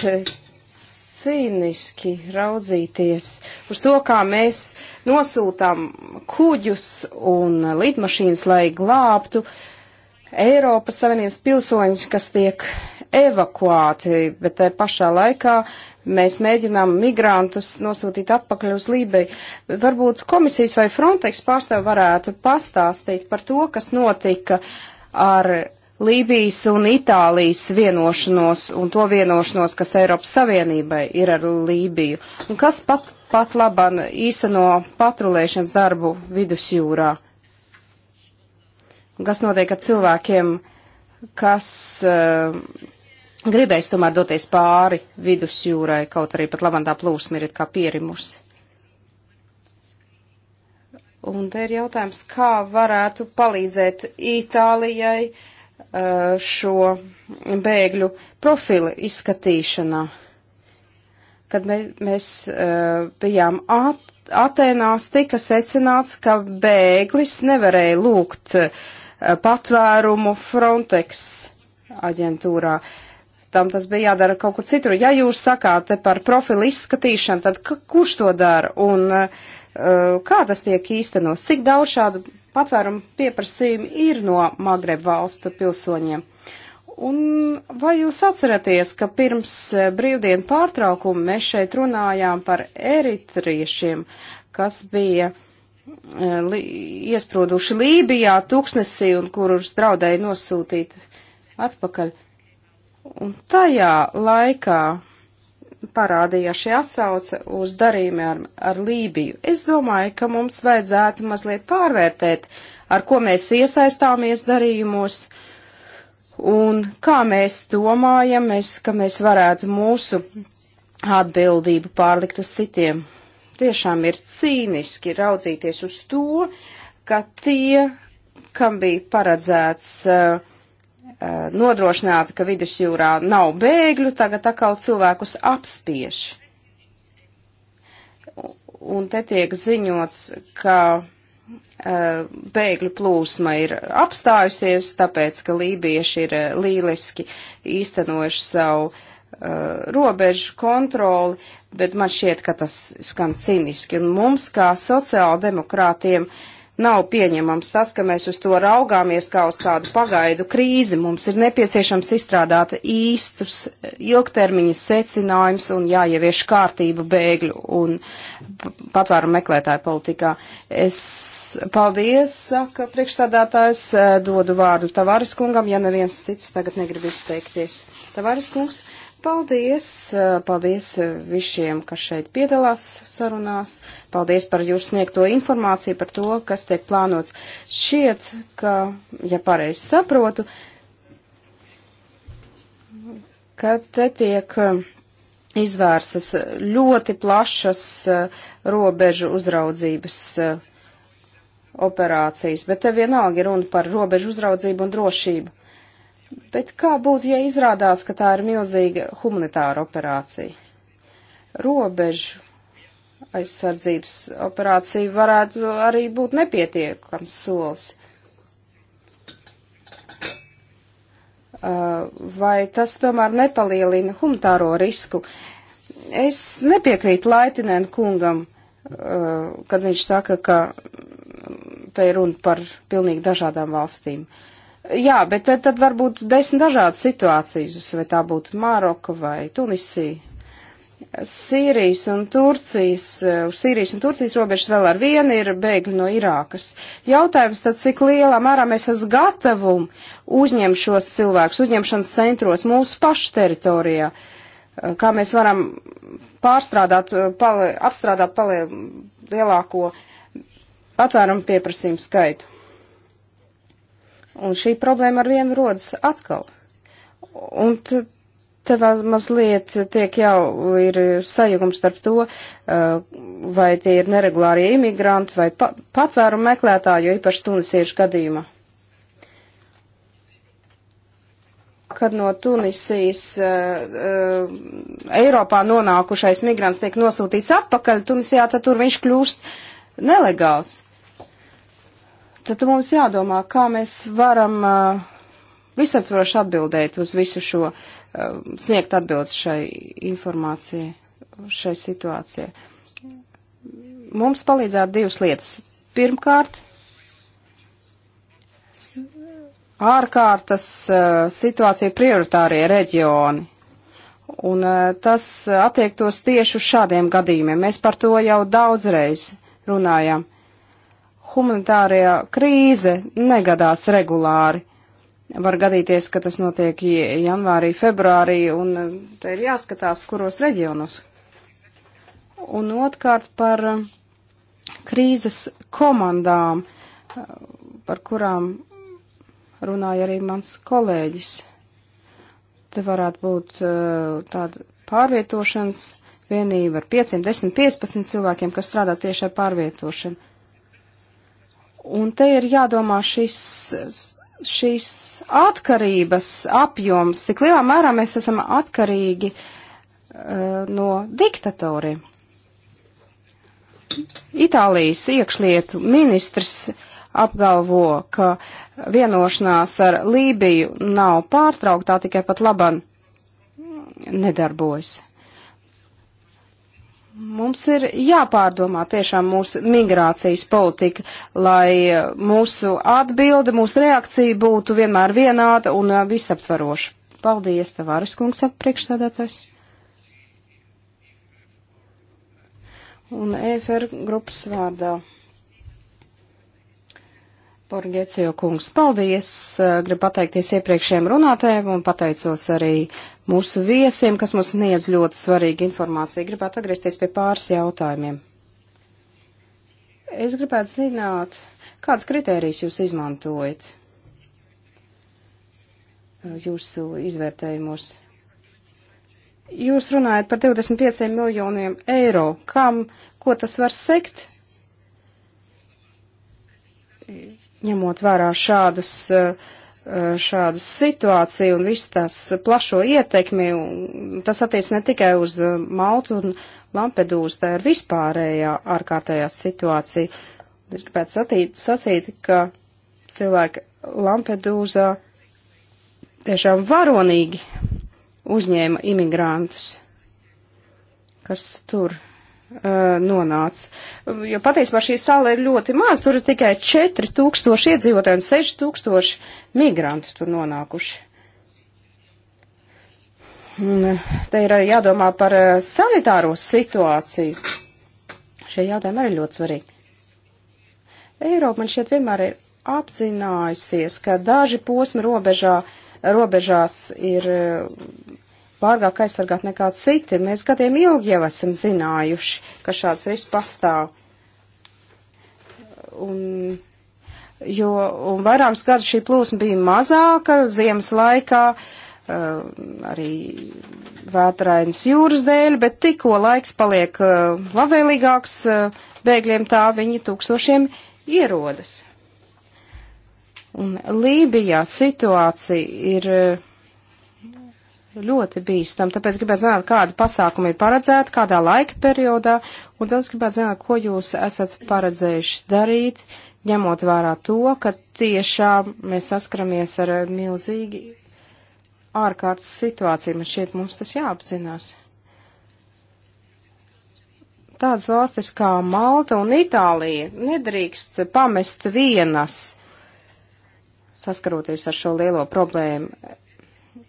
Speaker 2: cīniski raudzīties uz to, kā mēs nosūtām kuģus un lidmašīnas, lai glābtu Eiropas Savienības pilsoņus, kas tiek evakuēti, bet te pašā laikā uh, mēs mēģinām migrantus nosūtīt atpakaļ uz Lībiju. Varbūt komisijas vai Frontex pārstāv varētu pastāstīt par to, kas notika ar Lībijas un Itālijas vienošanos un to vienošanos, kas Eiropas Savienībai ir ar Lībiju. Un kas pat, pat laban īsteno patrulēšanas darbu vidusjūrā? Un kas notiek ar cilvēkiem, kas. Uh, gribēs tomēr doties pāri vidusjūrai, kaut arī pat labandā plūsma ir kā pierimusi. Un te ir jautājums, kā varētu palīdzēt Itālijai eh, šo bēgļu profilu izskatīšanā. Kad mēs eh, bijām at, Atenās, tika secināts, ka bēglis nevarēja lūgt eh, patvērumu Frontex aģentūrā. Uh, tam tas bija jādara kaut kur citur. Ja jūs sakāt par profilu izskatīšanu, tad kurš to dara un uh, kā tas tiek īstenos? Cik daudz šādu patvērumu pieprasījumu ir no Magreb valstu pilsoņiem? Un vai jūs atceraties, ka pirms eh, brīvdienu pārtraukuma mēs šeit runājām par eritriešiem, kas bija eh, li, iesprūduši Lībijā tūkstnesī un kurus draudēja nosūtīt atpakaļ? Uh, Un tajā laikā parādījās šī atsauce uz darījumi ar, ar Lībiju. Es domāju, ka mums vajadzētu mazliet pārvērtēt, ar ko mēs iesaistāmies darījumos un kā mēs domājam, mēs, ka mēs varētu mūsu atbildību pārlikt uz citiem. Tiešām ir cīniski raudzīties uz to, ka tie, kam bija paredzēts uh, Eh, nodrošināti, ka vidusjūrā nav bēgļu, tagad atkal cilvēkus apspiež. Un te tiek ziņots, ka eh, bēgļu plūsma ir apstājusies, tāpēc, ka lībieši ir eh, līliski īstenojuši savu robežu kontroli, bet man šķiet, ka tas skan ciniski. Un mums, kā sociāldemokrātiem, demokrātiem, Nav pieņemams tas, ka mēs uz to raugāmies kā uz kādu pagaidu krīzi. Mums ir nepieciešams izstrādāt īstus ilgtermiņa secinājumus un jāievieš kārtība bēgļu un patvēru meklētāju politikā. Es paldies, saka priekšstādātājs, dodu vārdu Tavares kungam, ja neviens cits tagad negrib izteikties. Tavares kungs. Uh, Paldies, eh, paldies eh, visiem, kas šeit piedalās sarunās. Paldies par jūsu sniegto informāciju par to, kas tiek plānots. Šiet, ka, ja pareizi saprotu, ka te tiek eh, izvērstas ļoti plašas robežu uzraudzības operācijas, bet te vienalga ir runa par robežu uzraudzību un drošību. Bet kā būtu, ja izrādās, ka tā ir milzīga humanitāra operācija? Robežu aizsardzības operācija varētu arī būt nepietiekams solis. Uh, vai tas tomēr nepalielina humanitāro risku? Es nepiekrītu Laitinēn kungam, uh, kad viņš saka, ka te ir runa par pilnīgi dažādām valstīm. Uh, Jā, bet tad, tad var būt desmit dažādas situācijas, vai tā būtu Maroka vai Tunisija. Sīrijas un Turcijas, eh, Sīrijas un Turcijas robežas vēl ar vienu ir bēgļi no Irākas. Jautājums tad, cik lielā mērā mēs esam gatavi uzņemt šos cilvēkus uzņemšanas centros mūsu pašu teritorijā, eh, kā mēs varam pārstrādāt, eh, pali, apstrādāt pali, lielāko patvērumu pieprasījumu skaitu. Un šī problēma ar vienu rodas atkal. Un te vēl mazliet tiek jau ir sajukums starp to, uh, vai tie ir neregulārie imigranti vai pa, patvērumu meklētāji, jo īpaši tunisiešu gadījumā. Kad no Tunisijas uh, uh, Eiropā nonākušais migrants tiek nosūtīts atpakaļ Tunisijā, tad tur viņš kļūst nelegāls tad mums jādomā, kā mēs varam uh, visaptvaroši atbildēt uz visu šo, uh, sniegt atbildes šai informācijai, šai situācijai. Mums palīdzētu divas lietas. Pirmkārt, ārkārtas uh, situācija prioritārie reģioni. Un tas attiektos tieši uz šādiem gadījumiem. Mēs par to jau daudzreiz runājām humanitārajā krīze negadās regulāri. Var gadīties, ka tas notiek janvārī, februārī, un eh, te ir jāskatās, kuros reģionos. Un otrkārt par eh, krīzes komandām, eh, par kurām runāja arī mans kolēģis. Te varētu būt tāda pārvietošanas vienība ar 5, 10, 15 cilvēkiem, kas strādā tieši ar pārvietošanu Un te ir jādomā šis, šīs atkarības apjoms, cik lielā mērā mēs esam atkarīgi uh, no diktatoriem. Itālijas iekšlietu ministrs apgalvo, ka vienošanās ar Lībiju nav pārtrauktā, tikai pat laban nedarbojas. Mums ir jāpārdomā tiešām mūsu migrācijas politika, lai e, mūsu atbilde, mūsu reakcija būtu vienmēr vienāda un e, visaptvaroša. Paldies, Tavāris kungs, priekšstādātājs. Un EFR grupas vārdā. Porgecijo kungs, paldies! Eh, gribu pateikties iepriekšējiem runātājiem un pateicos arī mūsu viesiem, kas mums sniedz ļoti svarīgu informāciju. Gribētu atgriezties pie pāris jautājumiem. Es gribētu zināt, kādas kritērijas jūs izmantojat jūsu izvērtējumos? Jūs runājat par 25 miljoniem eiro. Kam, ko tas var sekt? ņemot vērā šādus, eh, eh, šādus situāciju un visu tās plašo ietekmi, tas attiec ne tikai uz eh, Maltu un Lampedūzu, tā ir vispārējā ārkārtējā situācija. Es gribētu satīt, sacīt, ka cilvēki Lampedūzā tiešām varonīgi uzņēma imigrantus, kas tur Uh, nonāca. Jo patiesībā šī sala ir ļoti maz, tur ir tikai 4000 iedzīvotāji un 6000 migrantu tur nonākuši. Un uh, te ir arī jādomā par uh, sanitāro situāciju. Šie jautājumi arī ļoti svarīgi. Eiropa man šeit vienmēr ir apzinājusies, ka daži posmi robežā, robežās ir pārgāk aizsargāt nekā citi. Mēs gadiem ilgi jau esam zinājuši, ka šāds risks pastāv. Un, jo un vairākus gadus šī plūsma bija mazāka, ziemas laikā uh, arī vētrainas jūras dēļ, bet tikko laiks paliek uh, labvēlīgāks, uh, bēgļiem tā viņi tūkstošiem ierodas. Un Lībijā situācija ir. Uh, ļoti bīstam. Tāpēc gribētu zināt, kāda pasākuma ir paredzēta, kādā laika periodā, un tad es gribētu zināt, ko jūs esat paredzējuši darīt, ņemot vērā to, ka tiešām mēs saskaramies ar milzīgi ārkārtas situāciju. Man šķiet, mums tas jāapzinās. Tādas valstis kā Malta un Itālija nedrīkst pamest vienas saskaroties ar šo lielo problēmu.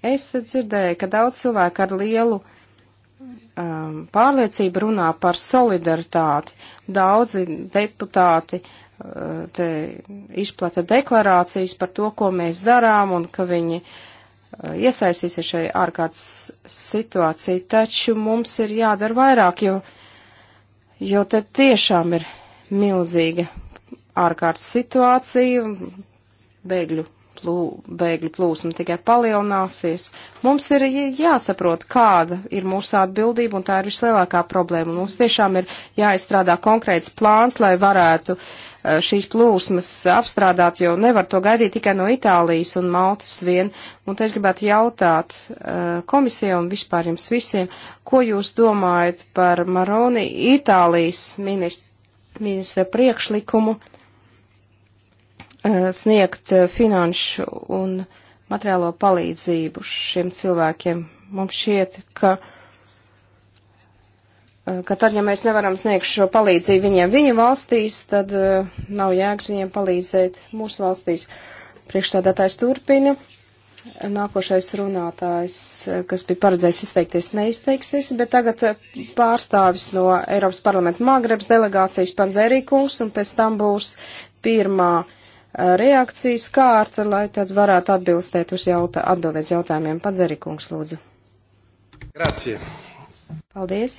Speaker 2: Es te dzirdēju, ka daudz cilvēku ar lielu um, pārliecību runā par solidaritāti. Daudzi deputāti uh, te izplata deklarācijas par to, ko mēs darām un ka viņi uh, iesaistīsies šajā ārkārtas situācijā, taču mums ir jādara vairāk, jo, jo te tiešām ir milzīga ārkārtas situācija, bēgļu plū, bēgļu plūsma tikai palielināsies. Mums ir jāsaprot, kāda ir mūsu atbildība, un tā ir vislielākā problēma. Mums tiešām ir jāizstrādā konkrēts plāns, lai varētu eh, šīs plūsmas apstrādāt, jo nevar to gaidīt tikai no Itālijas un Maltas vien. Un te es gribētu jautāt eh, komisijai un vispār jums visiem, ko jūs domājat par Maroni Itālijas ministru ministra priekšlikumu Eh, sniegt eh, finanšu un materiālo palīdzību šiem cilvēkiem. Mums šķiet, ka, eh, ka tad, ja mēs nevaram sniegt šo palīdzību viņiem viņu valstīs, tad nav jēgas viņiem palīdzēt mūsu valstīs. Priekšstādātājs turpina. Nākošais runātājs, kas bija paredzējis izteikties, neizteiksies, bet tagad pārstāvis no Eiropas parlamenta Māgrebas delegācijas Panzerī kungs, un pēc tam būs pirmā reakcijas kārta, lai tad varētu atbildēt uz jautā, atbildēt jautājumiem. Pats Zerikungs, lūdzu. Grācie. Paldies.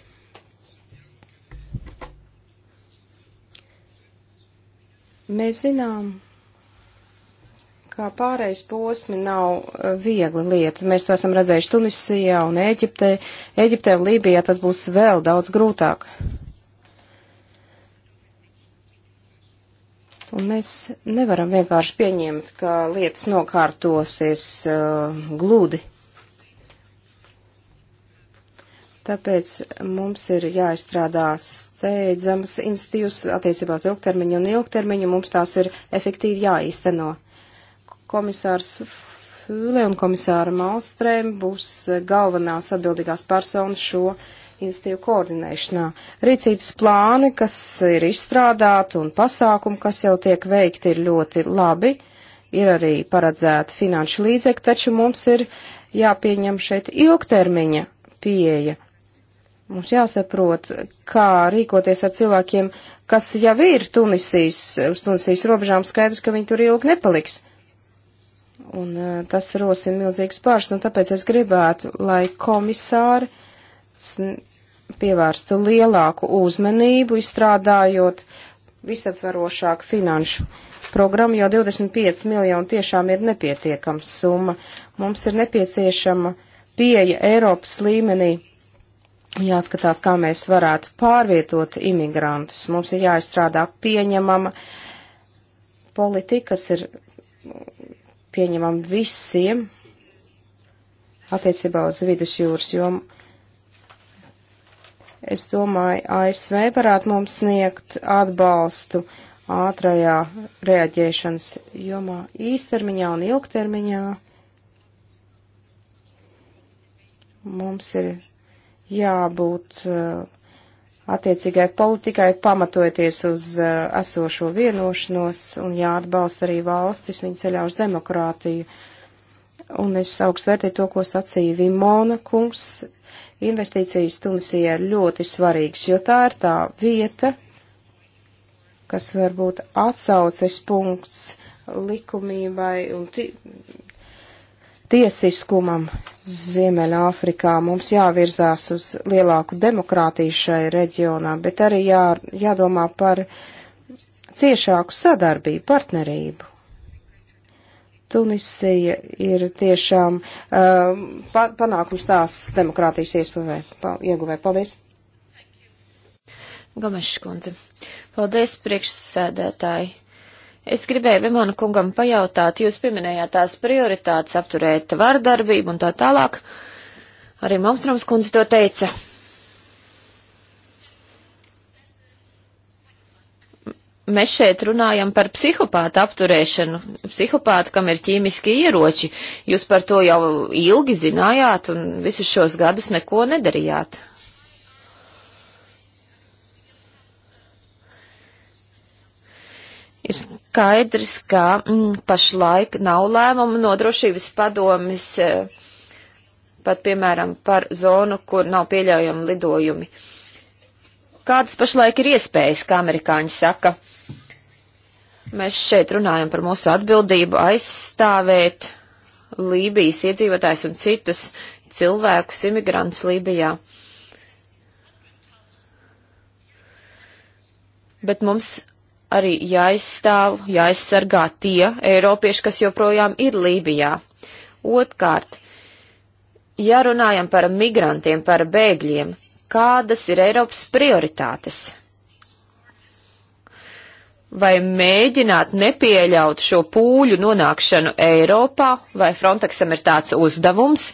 Speaker 2: Mēs zinām, kā pārējais posmi nav e, viegla lieta. Mēs to esam redzējuši Tunisijā un Eģiptē. Eģiptē un Lībijā tas būs vēl daudz grūtāk. Un mēs nevaram vienkārši pieņemt, ka lietas nokārtosies uh, glūdi. Tāpēc mums ir jāizstrādā steidzamas institīvas attiecībā uz ilgtermiņu un ilgtermiņu. Mums tās ir efektīvi jāīsteno. Komisārs Fūle un komisāra Malstrēm būs galvenās atbildīgās personas šo uh, institīvu koordinēšanā. Rīcības plāni, kas ir izstrādāti un pasākumi, kas jau tiek veikti, ir ļoti labi. Ir arī paredzēta finanšu līdzekļa, taču mums ir jāpieņem šeit ilgtermiņa pieeja. Mums jāsaprot, kā rīkoties ar cilvēkiem, kas jau ir Tunisijas, uz Tunisijas robežām skaidrs, ka viņi tur ilgi nepaliks un eh, tas rosina milzīgas pāris, un tāpēc es gribētu, lai komisāri sn pievērstu lielāku uzmanību, izstrādājot visaptvarošāku finanšu programmu, jo 25 miljoni tiešām ir nepietiekama summa. Mums ir nepieciešama pieeja Eiropas līmenī. Jāskatās, kā mēs varētu pārvietot imigrantus. Mums ir jāizstrādā pieņemama politika, kas ir pieņemama visiem attiecībā uz vidusjūras jomu Es domāju, ASV varētu mums sniegt atbalstu ātrajā reaģēšanas jomā īstermiņā un ilgtermiņā. Mums ir jābūt uh, attiecīgai politikai pamatojoties uz uh, esošo vienošanos un jāatbalsta arī valstis viņa ceļā uz demokrātiju. Un es augstu vērtēju to, ko sacīja Vimona kungs, investīcijas Tunisijā ir ļoti svarīgas, jo tā ir tā vieta, kas varbūt atsauces punkts likumībai un tiesiskumam Ziemeļāfrikā. Mums jāvirzās uz lielāku demokrātiju šai reģionā, bet arī jā, jādomā par ciešāku sadarbību, partnerību. Tunisija ir tiešām uh, pa, panākums tās demokrātijas iespējai pa, ieguvē. Paldies!
Speaker 3: Gomeša kundze. Paldies, priekšsēdētāji. Es gribēju Vimona kungam pajautāt, jūs pieminējāt tās prioritātes apturēt vardarbību un tā tālāk. Arī Malmstroms kundze to teica. mēs šeit runājam par psihopātu apturēšanu, psihopātu, kam ir ķīmiski ieroči. Jūs par to jau ilgi zinājāt un visus šos gadus neko nedarījāt. Ir skaidrs, ka mm, pašlaik nav lēmumu no drošības padomis, eh, pat piemēram par zonu, kur nav pieļaujami lidojumi. Uh, kādas pašlaik ir iespējas, kā amerikāņi saka. Mēs šeit runājam par mūsu atbildību aizstāvēt Lībijas iedzīvotājs un citus cilvēkus, imigrantus Lībijā. Bet mums arī jāizstāv, jāizsargā tie eiropieši, kas joprojām ir Lībijā. Otkārt, ja runājam par migrantiem, par bēgļiem, kādas ir Eiropas prioritātes. Vai mēģināt nepieļaut šo pūļu nonākšanu Eiropā, vai Frontexam ir tāds uzdevums,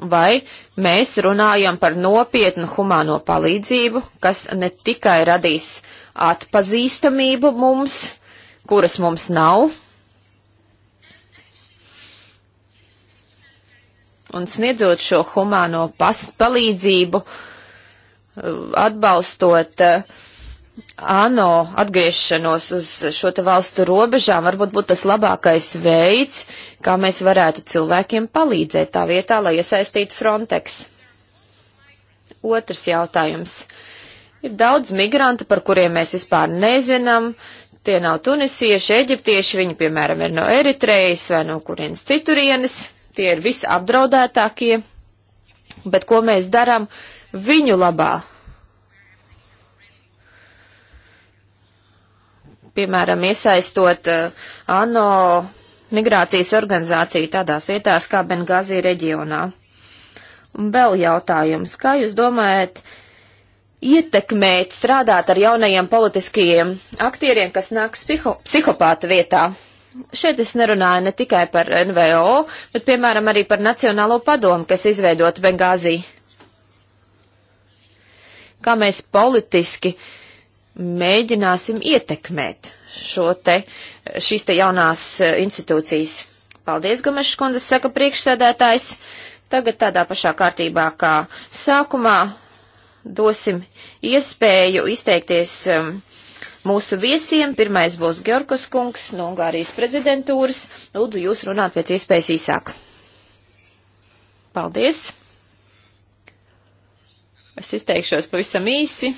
Speaker 3: vai mēs runājam par nopietnu humāno palīdzību, kas ne tikai radīs atpazīstamību mums, kuras mums nav, un sniedzot šo humāno palīdzību, uh, atbalstot uh, ANO atgriešanos uz šo te valstu robežām, varbūt būtu tas labākais veids, kā mēs varētu cilvēkiem palīdzēt tā vietā, lai iesaistītu Frontex. Otrs jautājums. Ir daudz migrantu, par kuriem mēs vispār nezinām, tie nav tunisieši, eģiptieši, viņi, piemēram, ir no Eritrejas vai no kurienes citurienes tie ir visi apdraudētākie, bet ko mēs darām viņu labā? Piemēram, iesaistot uh, ANO migrācijas organizāciju tādās vietās kā Bengāzija reģionā. Un vēl jautājums, kā jūs domājat, ietekmēt, strādāt ar jaunajiem politiskajiem aktieriem, kas nāks psiho, psihopāta vietā? Šeit es nerunāju ne tikai par NVO, bet, piemēram, arī par Nacionālo padomu, kas izveidota Bengāzī. Kā mēs politiski mēģināsim ietekmēt šo te, šīs te jaunās eh, institūcijas. Paldies, Gomešs kundze, saka priekšsēdētājs. Tagad tādā pašā kārtībā kā sākumā dosim iespēju izteikties um, mūsu viesiem. Pirmais būs Georgos Kungs no Ungārijas prezidentūras. Lūdzu, jūs runāt pēc iespējas īsāk. Paldies! Es izteikšos pavisam īsi.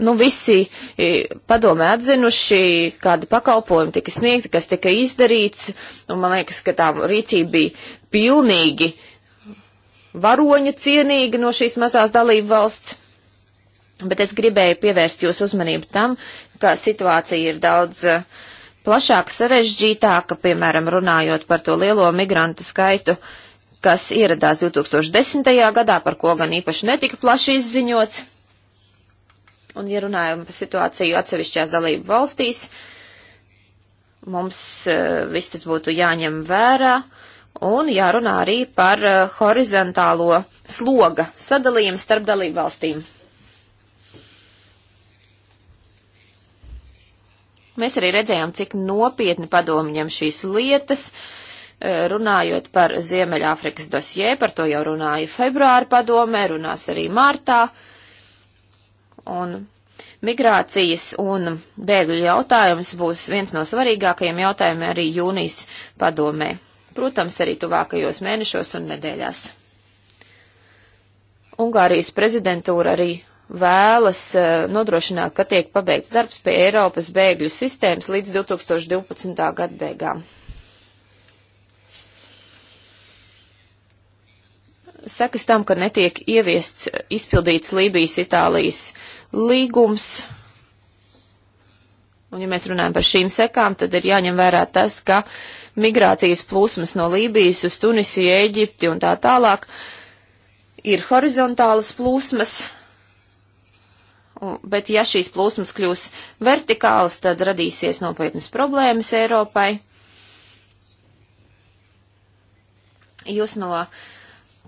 Speaker 3: nu, visi e, padomē atzinuši, kādi pakalpojumi tika sniegti, kas tika izdarīts, un nu, man liekas, ka tā rīcība bija pilnīgi varoņa cienīga no šīs mazās dalību valsts. Bet es gribēju pievērst jūs uzmanību tam, ka situācija ir daudz e, plašāka, sarežģītāka, piemēram, runājot par to lielo migrantu skaitu, kas ieradās 2010. gadā, par ko gan īpaši netika plaši izziņots Un, ja runājam par situāciju atsevišķās dalību valstīs, mums e, viss tas būtu jāņem vērā un jārunā arī par e, horizontālo sloga sadalījumu starp dalību valstīm. Mēs arī redzējām, cik nopietni padomņem šīs lietas, e, runājot par Ziemeļāfrikas dosjē, par to jau runāja februāra padomē, runās arī martā. Uh, Un migrācijas un bēgļu jautājums būs viens no svarīgākajiem jautājumiem arī jūnijas padomē. Protams, arī tuvākajos mēnešos un nedēļās. Ungārijas prezidentūra arī vēlas eh, nodrošināt, ka tiek pabeigts darbs pie Eiropas bēgļu sistēmas līdz 2012. gada beigām. sekas tam, ka netiek ieviests izpildīts Lībijas Itālijas līgums. Un ja mēs runājam par šīm sekām, tad ir jāņem vērā tas, ka migrācijas plūsmas no Lībijas uz Tunisiju, Eģipti un tā tālāk ir horizontālas plūsmas, bet ja šīs plūsmas kļūs vertikālas, tad radīsies nopietnas problēmas Eiropai. Jūs no uh,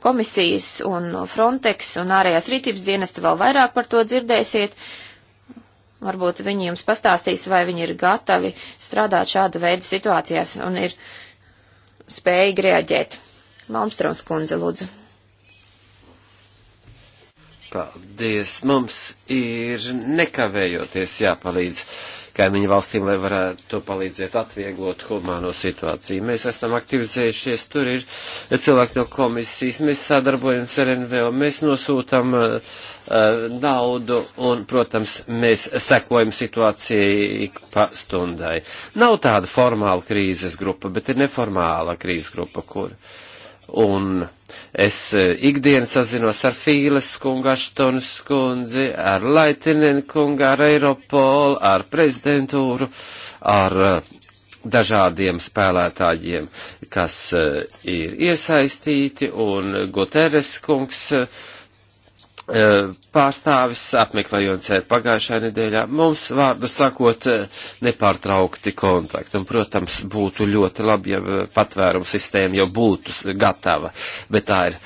Speaker 3: komisijas un Frontex un ārējās rīcības dienesta vēl vairāk par to dzirdēsiet. Varbūt viņi jums pastāstīs, vai viņi ir gatavi strādāt šāda veida situācijās un ir spējīgi reaģēt. Malmstrāns kundze, lūdzu.
Speaker 1: Paldies. Mums ir nekavējoties jāpalīdz kaimiņu valstīm, lai varētu palīdzēt atvieglot humāno situāciju. Mēs esam aktivizējušies, tur ir cilvēki no komisijas, mēs sadarbojamies ar NVO, mēs nosūtam uh, uh, naudu un, protams, mēs sekojam situācijai ik pa stundai. Nav tāda formāla krīzes grupa, bet ir neformāla krīzes grupa, kur. Uh, Un es eh, ikdienas sazinos ar Fīles kungu, Aštonas kundzi, ar Laitinenu kungu, ar Eiropolu, ar prezidentūru, ar eh, dažādiem spēlētājiem, kas eh, ir iesaistīti, un Guteres kungs Eh, pārstāvis apmeklējot CEP pagājušā nedēļā, mums, vārdu sakot, eh, nepārtraukti kontakti. Un, protams, būtu ļoti labi, ja eh, patvērumu sistēma jau būtu gatava, bet tā ir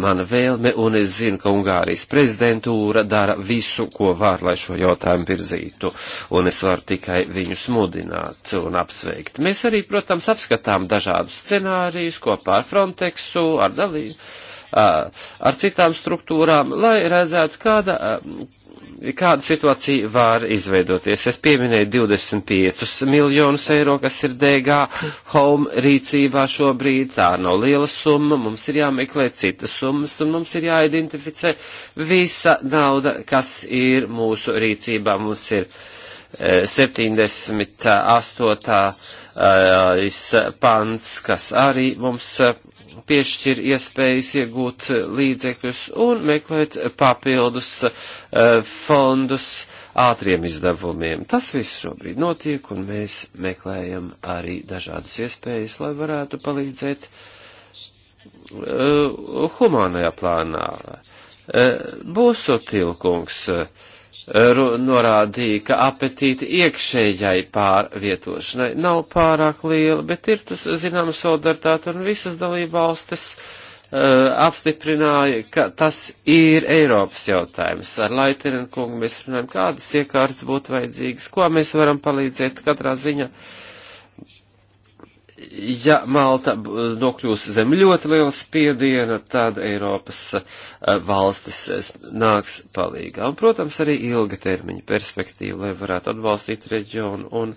Speaker 1: mana vēlme, un es zinu, ka Ungārijas prezidentūra dara visu, ko var, lai šo jautājumu virzītu, un es varu tikai viņus mudināt un apsveikt. Mēs arī, protams, apskatām dažādus scenārijus kopā ar Frontexu, ar dalību ar citām struktūrām, lai redzētu, kāda, kāda situācija var izveidoties. Es pieminēju 25 miljonus eiro, kas ir DG Home rīcībā šobrīd. Tā nav liela summa, mums ir jāmeklē citas summas un mums ir jāidentificē visa nauda, kas ir mūsu rīcībā. Mums ir 78. pants, kas arī mums piešķir iespējas iegūt līdzekļus un meklēt papildus eh, fondus ātriem izdevumiem. Tas viss šobrīd notiek, un mēs meklējam arī dažādas iespējas, lai varētu palīdzēt eh, humānajā plānā. Eh, Būsu tilkungs norādīja, ka apetīti iekšējai pārvietošanai nav pārāk liela, bet ir tas zināma solidaritāte un visas dalībvalstis uh, apstiprināja, ka tas ir Eiropas jautājums. Ar Laitinen kungu mēs runājam, kādas iekārtas būtu vajadzīgas, ko mēs varam palīdzēt katrā ziņā. Uh, ja Malta nokļūs zem ļoti liela spiediena, tad Eiropas eh, valstis nāks palīgā. Un, protams, arī ilga termiņa perspektīva, lai varētu atbalstīt reģionu un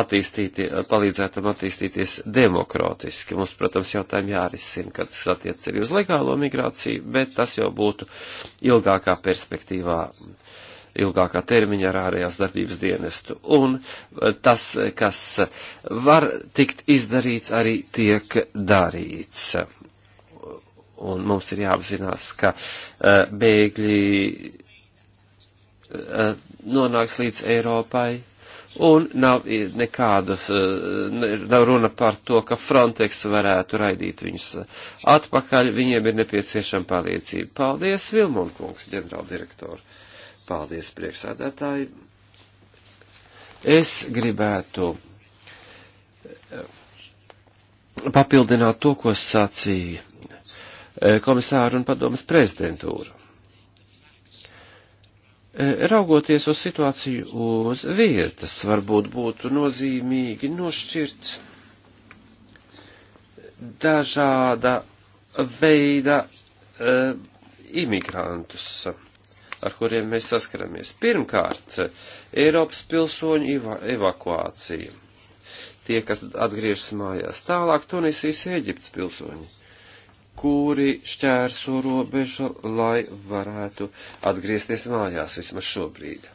Speaker 1: attīstīt, palīdzēt tam attīstīties demokrātiski. Mums, protams, jautājumi jārisina, kad tas attiec arī uz legālo migrāciju, bet tas jau būtu ilgākā perspektīvā ilgākā termiņa ar ārējās darbības dienestu. Un tas, kas var tikt izdarīts, arī tiek darīts. Un mums ir jāapzinās, ka e, bēgļi e, nonāks līdz Eiropai. Un nav nekādas, e, nav runa par to, ka Frontex varētu raidīt viņus atpakaļ, viņiem ir nepieciešama palīdzība. Paldies, Vilmonkungs, ģenerāldirektori. Paldies, priekšsādātāji. Es gribētu eh, papildināt to, ko sacīja eh, komisāru un padomas prezidentūru. Eh, raugoties uz situāciju uz vietas, varbūt būtu nozīmīgi nošķirt dažāda veida uh, imigrantus. Uh, ar kuriem mēs saskaramies. Pirmkārt, Eiropas pilsoņu evakuācija. Tie, kas atgriežas mājās. Tālāk Tunisijas Eģiptes pilsoņi, kuri šķērso robežu, lai varētu atgriezties mājās vismaz šobrīd.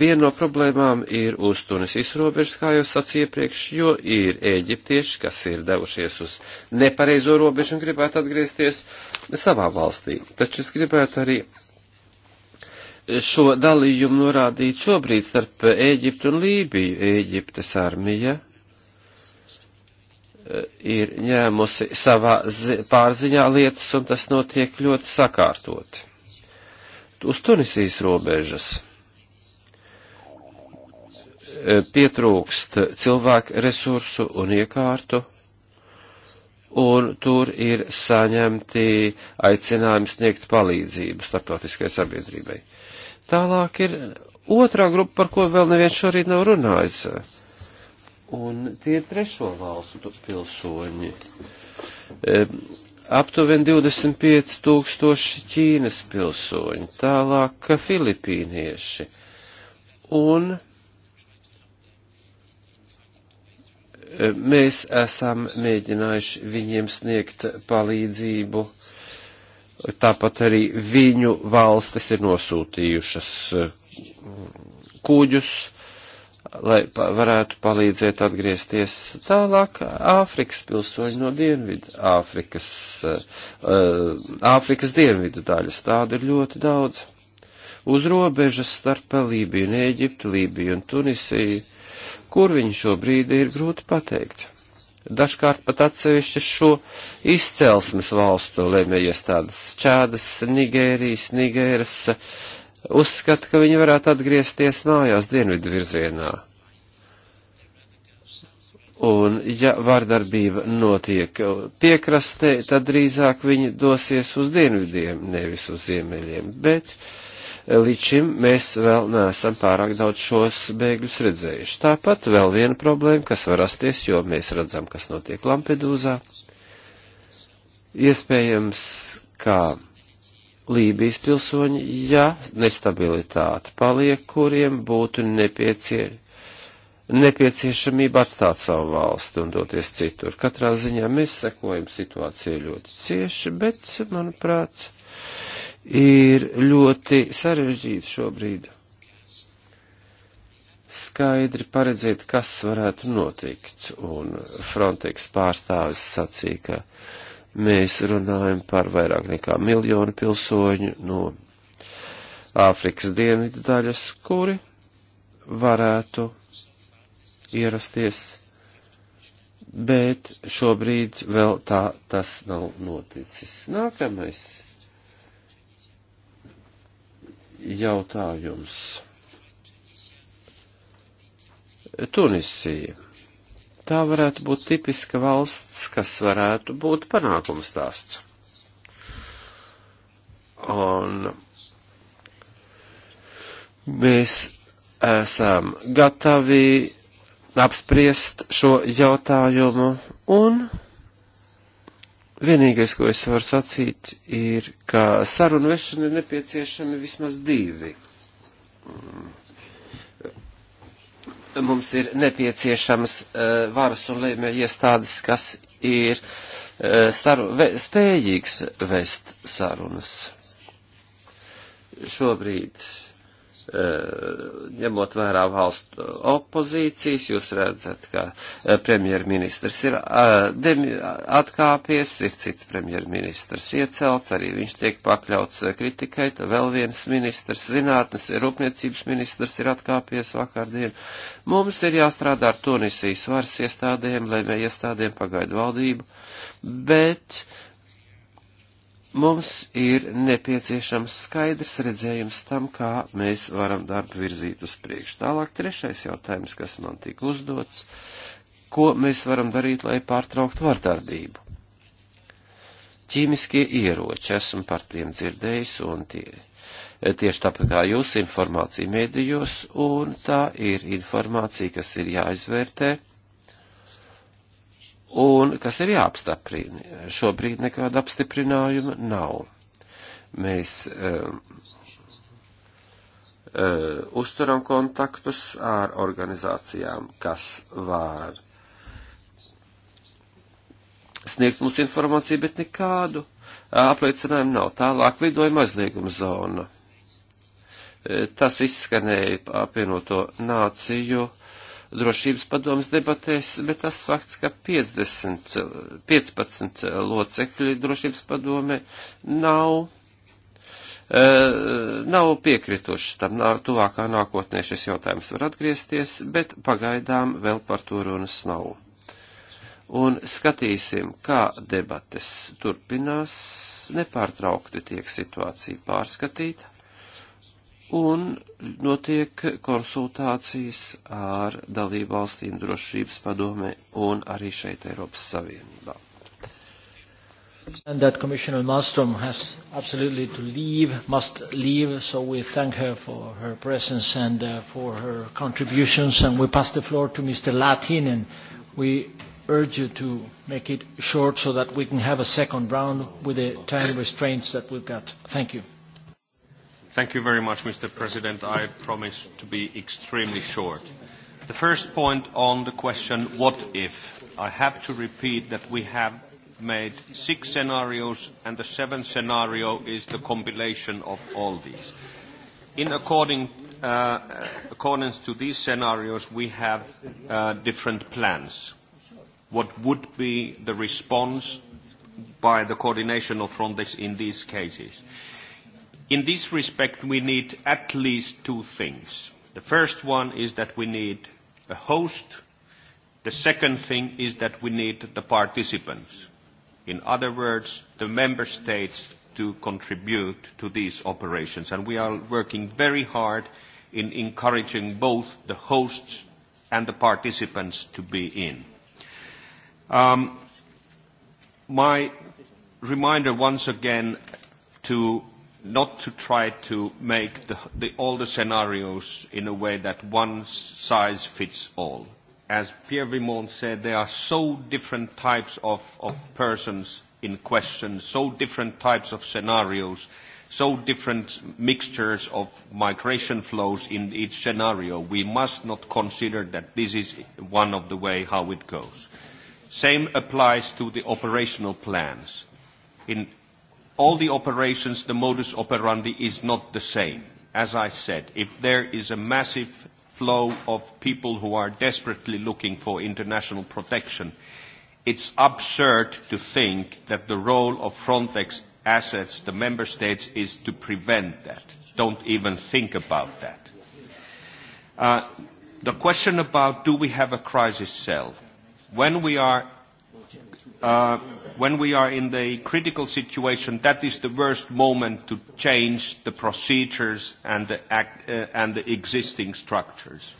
Speaker 1: Viena no problēmām ir uz Tunisijas robežas, kā jau sacīju iepriekš, jo ir eģiptieši, kas ir devušies uz nepareizo robežu un gribētu atgriezties uh, savā valstī. Taču es gribētu arī šo dalījumu norādīt šobrīd starp Ēģiptu un Lībiju. Ēģiptes armija eh, ir ņēmusi savā pārziņā lietas, un tas notiek ļoti sakārtot. Uz Tunisijas robežas eh, pietrūkst cilvēku resursu un iekārtu, un tur ir saņemti aicinājumi sniegt palīdzību starptautiskajai sabiedrībai. Tālāk ir otrā grupa, par ko vēl neviens šorīt nav runājis. Un tie ir trešo valstu pilsoņi. E, aptuveni 25 tūkstoši Ķīnas pilsoņi, tālāk Filipīnieši. Un Mēs esam mēģinājuši viņiem sniegt palīdzību, tāpat arī viņu valstis ir nosūtījušas mm, kuģus, lai varētu palīdzēt atgriezties tālāk Āfrikas pilsoņi no Dienvidu Āfrikas, eh, eh, Āfrikas dienvidu daļas. Tāda ir ļoti daudz. Uz robežas starp Lībiju un Ēģiptu, Lībiju un Tunisiju kur viņi šobrīd ir grūti pateikt. Dažkārt pat atsevišķi šo izcelsmes valstu lēmējiestādes Čādas, Nigērijas, Nigēras uzskata, ka viņi varētu atgriezties mājās dienvidu virzienā. Un, ja vardarbība notiek piekrastē, tad drīzāk viņi dosies uz dienvidiem, nevis uz ziemeļiem. Bet, uh, līdz šim mēs vēl neesam pārāk daudz šos bēgļus redzējuši. Tāpat vēl viena problēma, kas var rasties, jo mēs redzam, kas notiek Lampedūzā. Iespējams, kā Lībijas pilsoņi, ja nestabilitāte paliek, kuriem būtu nepiecie, nepieciešamība atstāt savu valsti un doties citur. Katrā ziņā mēs sekojam situāciju ļoti cieši, bet, manuprāt, ir ļoti sarežģīts šobrīd. Skaidri paredzēt, kas varētu notikt, un Frontex pārstāvis sacīja, ka mēs runājam par vairāk nekā miljonu pilsoņu no Āfrikas dienvidu daļas, kuri varētu ierasties, bet šobrīd vēl tā tas nav noticis. Nākamais jautājums. Tunisija. Tā varētu būt tipiska valsts, kas varētu būt panākuma stāsts. Un mēs esam gatavi apspriest šo jautājumu un Vienīgais, ko es varu sacīt, ir, ka sarunu vešana ir nepieciešami vismaz divi. Mm. Mums ir nepieciešamas uh, varas un lēmē iestādes, kas ir uh, saru, ve, spējīgs vest sarunas. Šobrīd ņemot vērā valstu opozīcijas, jūs redzat, ka premjerministrs ir atkāpies, ir cits premjerministrs iecelts, arī viņš tiek pakļauts kritikai, tad vēl viens ministrs, zinātnes, rūpniecības ministrs ir atkāpies vakardien. Mums ir jāstrādā ar Tunisijas varas iestādēm, lai mēs iestādēm pagaidu valdību, bet Mums ir nepieciešams skaidrs redzējums tam, kā mēs varam darbu virzīt uz priekšu. Tālāk trešais jautājums, kas man tika uzdots, ko mēs varam darīt, lai pārtrauktu vardarbību. Ķīmiskie ieroči esmu par tiem dzirdējis un tie tieši tāpat kā jūsu informācija medijos, un tā ir informācija, kas ir jāizvērtē un kas ir jāapstiprina. Šobrīd nekāda apstiprinājuma nav. Mēs um, uh, uh, uzturam kontaktus ar organizācijām, kas var sniegt mums informāciju, bet nekādu uh, apliecinājumu nav. Tālāk lidojuma aizlieguma zona. Uh, tas izskanēja apvienoto nāciju uh, drošības padomas debatēs, bet tas fakts, ka 50, 15 locekļi drošības padome nav eh, nav piekrituši tam nā, tuvākā nākotnē šis jautājums var atgriezties, bet pagaidām vēl par to runas nav. Un skatīsim, kā debates turpinās, nepārtraukti tiek situācija pārskatīta un notiek konsultācijas ar dalību valstīm drošības padomē un arī šeit Eiropas Savienībā.
Speaker 4: And that Commissioner Malmström has absolutely to leave, must leave, so we thank her for her presence and uh, for her contributions. And we pass the floor to Mr. Latin, and we urge you to make it short so that we can have a second round with the time restraints that we've got. Thank you.
Speaker 5: Thank you very much, Mr. President. I promise to be extremely short. The first point on the question, what if? I have to repeat that we have made six scenarios, and the seventh scenario is the compilation of all these. In according, uh, accordance to these scenarios, we have uh, different plans. What would be the response by the coordination of Frontex in these cases? Uh, In this respect, we need at least two things. The first one is that we need a host. The second thing is that we need the participants. In other words, the member states to contribute to these operations. And we are working very hard in encouraging both the hosts and the participants to be in. Um, my reminder once again to not to try to make the, the, all the scenarios in a way that one size fits all. As Pierre Vimont said, there are so different types of, of persons in question, so different types of scenarios, so different mixtures of migration flows in each scenario. We must not consider that this is one of the way how it goes. Same applies to the operational plans. In all the operations, the modus operandi is not the same. As I said, if there is a massive flow of people who are desperately looking for international protection, it's absurd to think that the role of Frontex assets, the member states, is to prevent that. Don't even think about that. Uh, the question about do we have a crisis cell? When we are uh, when we are in the critical situation, that is the worst moment to change the procedures and the, act, uh, and the existing structures.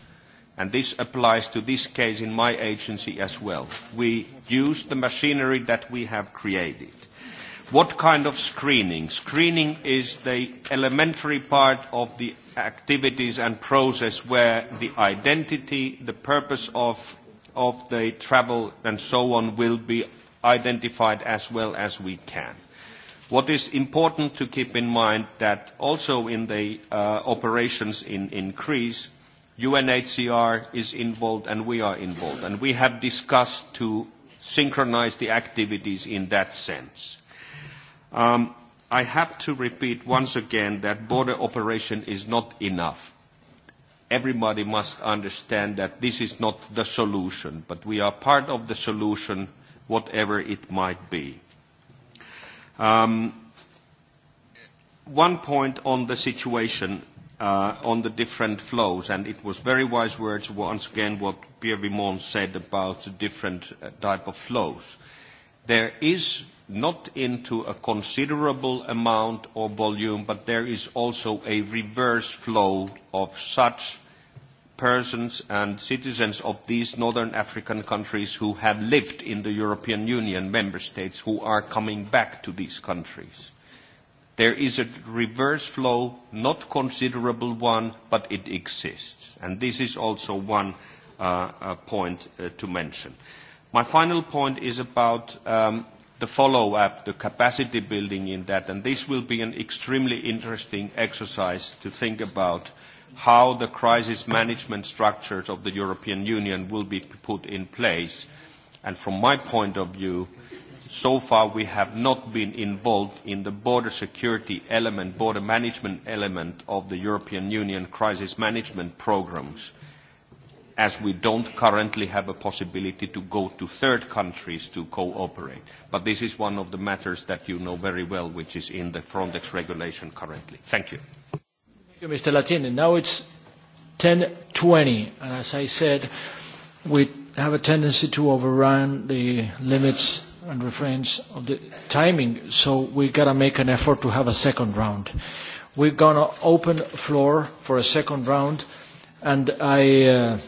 Speaker 5: And this applies to this case in my agency as well. We use the machinery that we have created. What kind of screening? Screening is the elementary part of the activities and process where the identity, the purpose of, of the travel and so on will be identified as well as we can. What is important to keep in mind that also in the uh, operations in, in Greece, UNHCR is involved and we are involved, and we have discussed to synchronize the activities in that sense. Um, I have to repeat once again that border operation is not enough. Everybody must understand that this is not the solution, but we are part of the solution whatever it might be. Um, one point on the situation uh, on the different flows, and it was very wise words once again what Pierre Vimont said about the different uh, type of flows. There is not into a considerable amount or volume, but there is also a reverse flow of such persons and citizens of these northern African countries who have lived in the European Union member states who are coming back to these countries. There is a reverse flow, not considerable one, but it exists. And this is also one uh, uh, point uh, to mention. My final point is about um, the follow-up, the capacity building in that, and this will be an extremely interesting exercise to think about how the crisis management structures of the European Union will be put in place. And from my point of view, so far we have not been involved in the border security element, border management element of the European Union crisis management programs, as we don't currently have a possibility to go to third countries to cooperate. But this is one of the matters that you know very well, which is in the Frontex regulation currently. Thank you
Speaker 4: you, Mr. Latini. Now it's 10.20, and as I said, we have a tendency to overrun the limits and refrains of the timing, so we got to make an effort to have a second round. We're going to open floor for a second round, and I uh,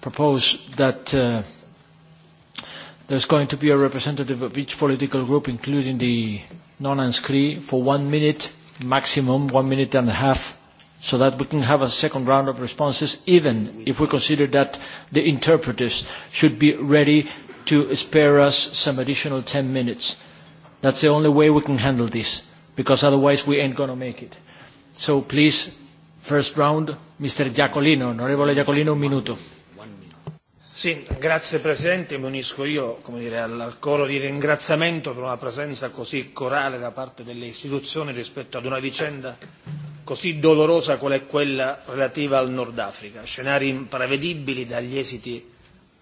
Speaker 4: propose that uh, there's going to be a representative of each political group, including the non-inscrit, for one minute maximum one minute and a half so that we can have a second round of responses, even if we consider that the interpreters should be ready to spare us some additional 10 minutes. That's the only way we can handle this, because otherwise we ain't going to make it. So please, first round, Mr. Giacolino, Onorevole Giacolino, un minuto.
Speaker 6: Sì, grazie Presidente, mi unisco io come dire, al coro di ringraziamento per una presenza così corale da parte delle istituzioni rispetto ad una vicenda così dolorosa qual è quella relativa al Nord Africa. Scenari imprevedibili dagli esiti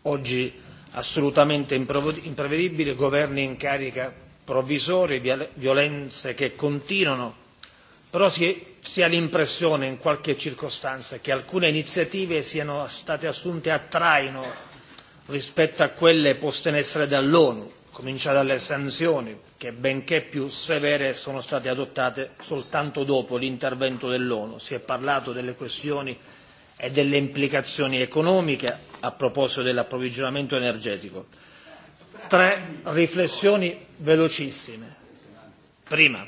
Speaker 6: oggi assolutamente imprevedibili, governi in carica provvisori, violenze che continuano, però si si ha l'impressione in qualche circostanza che alcune iniziative siano state assunte a traino rispetto a quelle poste in essere dall'ONU, cominciare dalle sanzioni, che benché più severe sono state adottate soltanto dopo l'intervento dell'ONU. Si è parlato delle questioni e delle implicazioni economiche a proposito dell'approvvigionamento energetico. Tre riflessioni velocissime. Prima,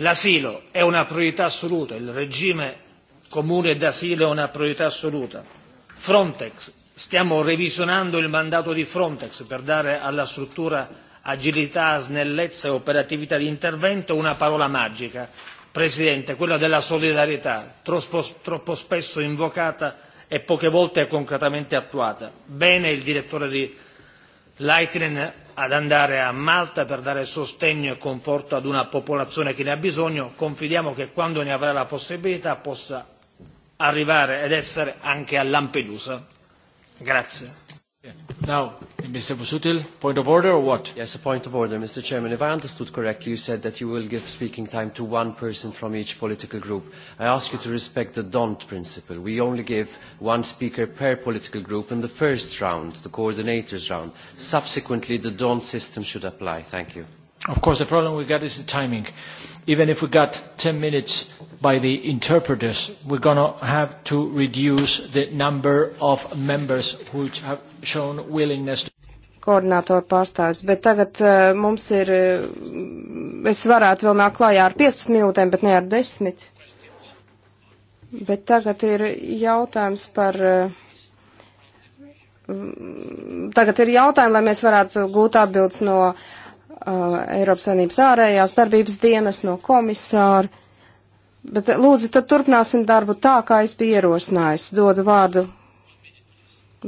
Speaker 6: L'asilo è una priorità assoluta, il regime comune d'asilo è una priorità assoluta. Frontex, stiamo revisionando il mandato di Frontex per dare alla struttura agilità, snellezza e operatività di intervento una parola magica, Presidente, quella della solidarietà, troppo, troppo spesso invocata e poche volte concretamente attuata. Bene il direttore di Leitinen ad andare a Malta per dare sostegno e conforto ad una popolazione che ne ha bisogno, confidiamo che quando ne avrà la possibilità possa arrivare ed essere anche a Lampedusa. Grazie.
Speaker 4: Now, Mr. Busutil, point of order
Speaker 1: or what? Yes, a point of order, Mr. Chairman. If I understood correctly, you said that you will give speaking time to one person from each political group. I ask you to respect the DONT principle. We only give one speaker per political group in the first round, the coordinators round. Subsequently, the DONT system should apply. Thank you.
Speaker 4: Of course, the problem we got is the timing. Even if we got 10 minutes by the interpreters. We're going to have to reduce the number of members which have shown willingness to
Speaker 2: koordinātoru pārstāvis, bet tagad uh, mums ir, uh, es varētu vēl nākt klājā ar 15 minūtēm, bet ne ar 10. Bet tagad ir jautājums par, uh, tagad ir jautājumi, lai mēs varētu gūt atbildes no uh, Eiropas Savienības ārējās darbības dienas, no komisāra. Bet eh, lūdzu, tad turpināsim darbu tā, kā es biju ierosinājis. Dodu vārdu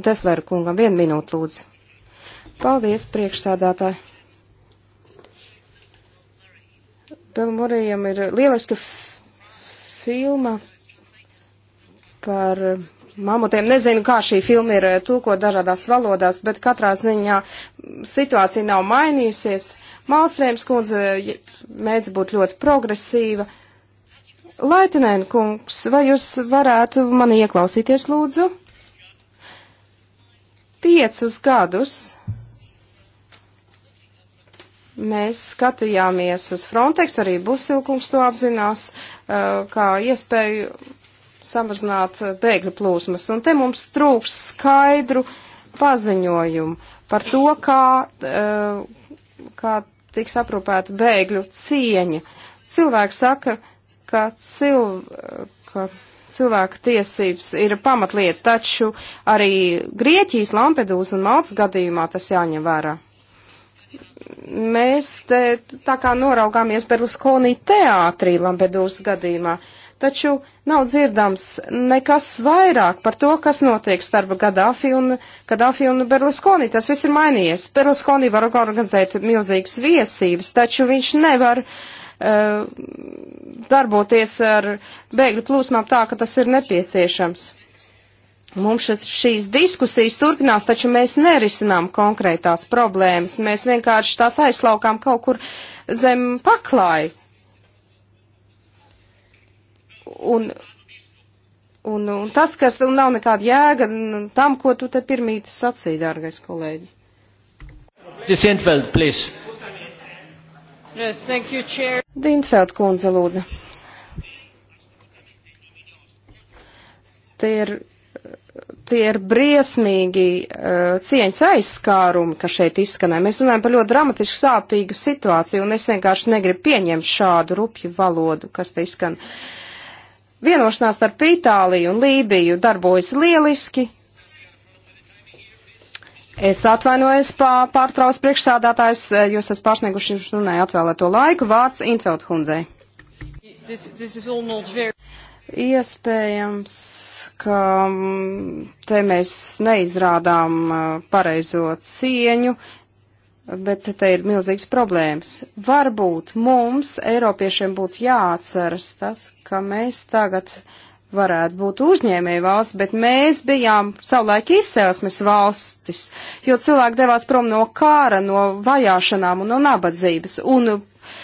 Speaker 2: Defleru kungam. Vienu minūtu, lūdzu. Paldies, priekšsādātāji. Bill Murrayam ir lieliska filma par eh, mamutiem. Nezinu, kā šī filma ir eh, tūko dažādās valodās, bet katrā ziņā situācija nav mainījusies. Malstrēms kundze mēdz būt ļoti progresīva Laitinēn kungs, vai jūs varētu mani ieklausīties, lūdzu? Piecus gadus mēs skatījāmies uz Frontex, arī Busilkungs to apzinās, kā iespēju samazināt bēgļu plūsmas. Un te mums trūks skaidru paziņojumu par to, kā, kā tiks aprūpēta bēgļu cieņa. Cilvēki saka, ka, cil, ka cilvēka tiesības ir pamatlieta, taču arī Grieķijas, Lampedūzas un Maltas gadījumā tas jāņem vērā. Mēs te tā kā noraugāmies Berlusconi teātrī Lampedūzas gadījumā, taču nav dzirdams nekas vairāk par to, kas notiek starp Gaddafi un, Gaddafi un Berlusconi. Tas viss ir mainījies. Berlusconi var organizēt milzīgas viesības, taču viņš nevar uh, Uh, darboties ar bēgļu plūsmām tā, ka tas ir nepieciešams. Mums šīs diskusijas turpinās, taču mēs nerisinām konkrētās problēmas. Mēs vienkārši tās aizslaukām kaut kur zem paklāja. Un, un, un tas, kas nav nekāda jēga tam, ko tu te pirmīt sacīji, dārgais kolēģi.
Speaker 4: This Infeld,
Speaker 2: please. Yes, thank you, Chair. Dintfeld kundze lūdzu. Tie ir, tie ir briesmīgi uh, cieņas aizskārumi, kas šeit izskanē. Mēs runājam par ļoti dramatisku, sāpīgu situāciju, un es vienkārši negribu pieņemt šādu rupju valodu, kas te izskan. Vienošanās starp Itāliju un Lībiju darbojas lieliski, Es atvainojos pā, pārtrauc priekšsādātājs, eh, jūs esat pārsnieguši runai atvēlēto laiku. Vārds Intfeld hundzei.
Speaker 4: This, this very...
Speaker 2: Iespējams, ka mm, te mēs neizrādām eh, pareizo cieņu, bet te ir milzīgs problēmas. Varbūt mums, Eiropiešiem, būtu jāatceras tas, ka mēs tagad uh, varētu būt uzņēmēja valsts, bet mēs bijām savulaik izcelsmes valstis, jo cilvēki devās prom no kāra, no vajāšanām un no nabadzības, un uh,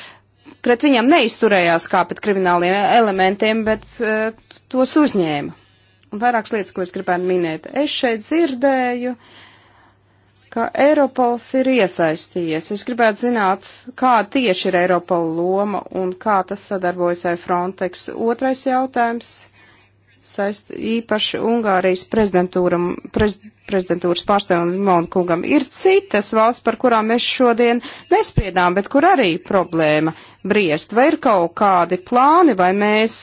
Speaker 2: pret viņiem neizturējās kā pret krimināliem elementiem, bet uh, tos uzņēma. Un vairākas lietas, ko es gribētu minēt. Es šeit dzirdēju, ka Eiropols ir iesaistījies. Es gribētu zināt, kā tieši ir Eiropola loma un kā tas sadarbojas ar Frontex. Otrais jautājums saist, īpaši Ungārijas prez, prezidentūras pārstāvjiem un Vimona kungam. Ir citas valsts, par kurām mēs šodien nespriedām, bet kur arī problēma briest. Vai ir kaut kādi plāni, vai mēs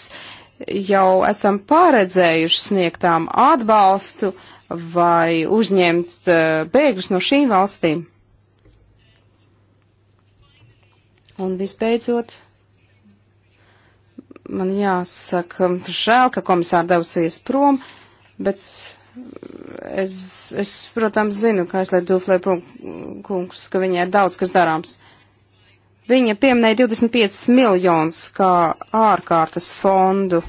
Speaker 2: jau esam pāredzējuši sniegtām atbalstu vai uzņemt eh, bēgļus no šīm valstīm? Un visbeidzot man jāsaka, žēl, ka komisāri devusies prom, bet es, es protams, zinu, ka aizliet Duflē prom kungs, ka viņai ir daudz kas darāms. Viņa pieminēja 25 miljonus kā ārkārtas fondu.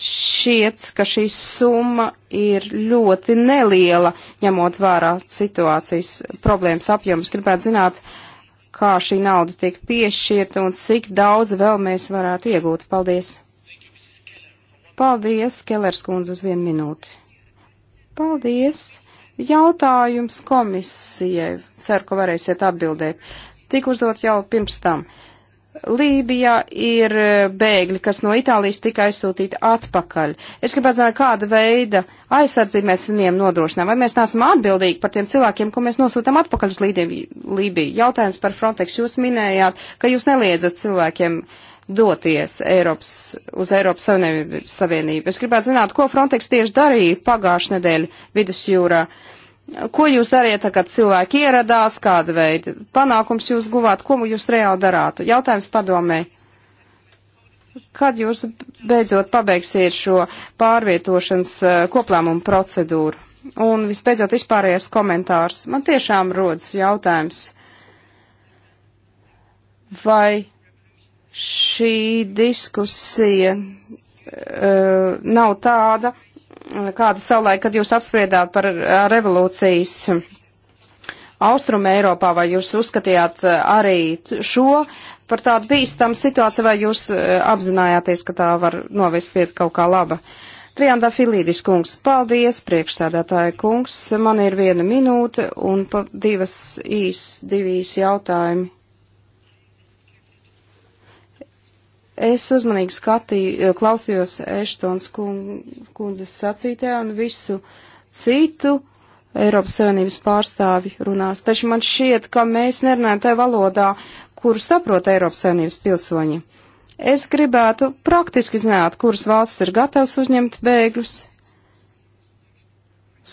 Speaker 2: Šķiet, ka šī summa ir ļoti neliela, ņemot vērā situācijas problēmas apjoms. Gribētu zināt, uh, kā šī nauda tiek piešķirta un cik daudz vēl mēs varētu iegūt. Paldies! Paldies, Kellers kundze, uz vienu minūti. Paldies! Jautājums komisijai. Ceru, ka varēsiet atbildēt. Tik uzdot jau pirms tam. Uh, Lībijā ir e, bēgļi, kas no Itālijas tika aizsūtīti atpakaļ. Es gribētu zināt, kāda veida aizsardzību mēs viņiem nodrošinām, vai mēs neesam atbildīgi par tiem cilvēkiem, ko mēs nosūtām atpakaļ uz Lībiju. Jautājums par Frontex. Jūs minējāt, ka jūs neliedzat cilvēkiem doties Eiropas, uz Eiropas Savienību. Es gribētu zināt, ko Frontex tieši darīja pagājušajā nedēļā vidusjūrā. Uh, Ko jūs dariet, kad cilvēki ieradās, kāda veida panākums jūs guvāt, ko jūs reāli darātu? Jautājums padomē. Kad jūs beidzot pabeigsiet šo pārvietošanas eh, koplēmumu procedūru? Un vispēcot vispārējais komentārs, man tiešām rodas jautājums, vai šī diskusija uh, nav tāda, kāda savulaik, kad jūs apspriedāt par revolūcijas Austrum Eiropā, vai jūs uzskatījāt arī šo par tādu bīstamu situāciju, vai jūs apzinājāties, ka tā var novest pie kaut kā laba? Triandā Filīdis kungs, paldies, priekšsēdētāja kungs, man ir viena minūte un divas īs, divi īs jautājumi. Es uzmanīgi skatīju, eh, klausījos Eštons kundzes sacītē un visu citu Eiropas Savienības pārstāvi runās, taču man šķiet, ka mēs nerunājam tajā valodā, kuru saprot Eiropas Savienības pilsoņi. Es gribētu praktiski zināt, kuras valsts ir gatavas uzņemt bēgļus.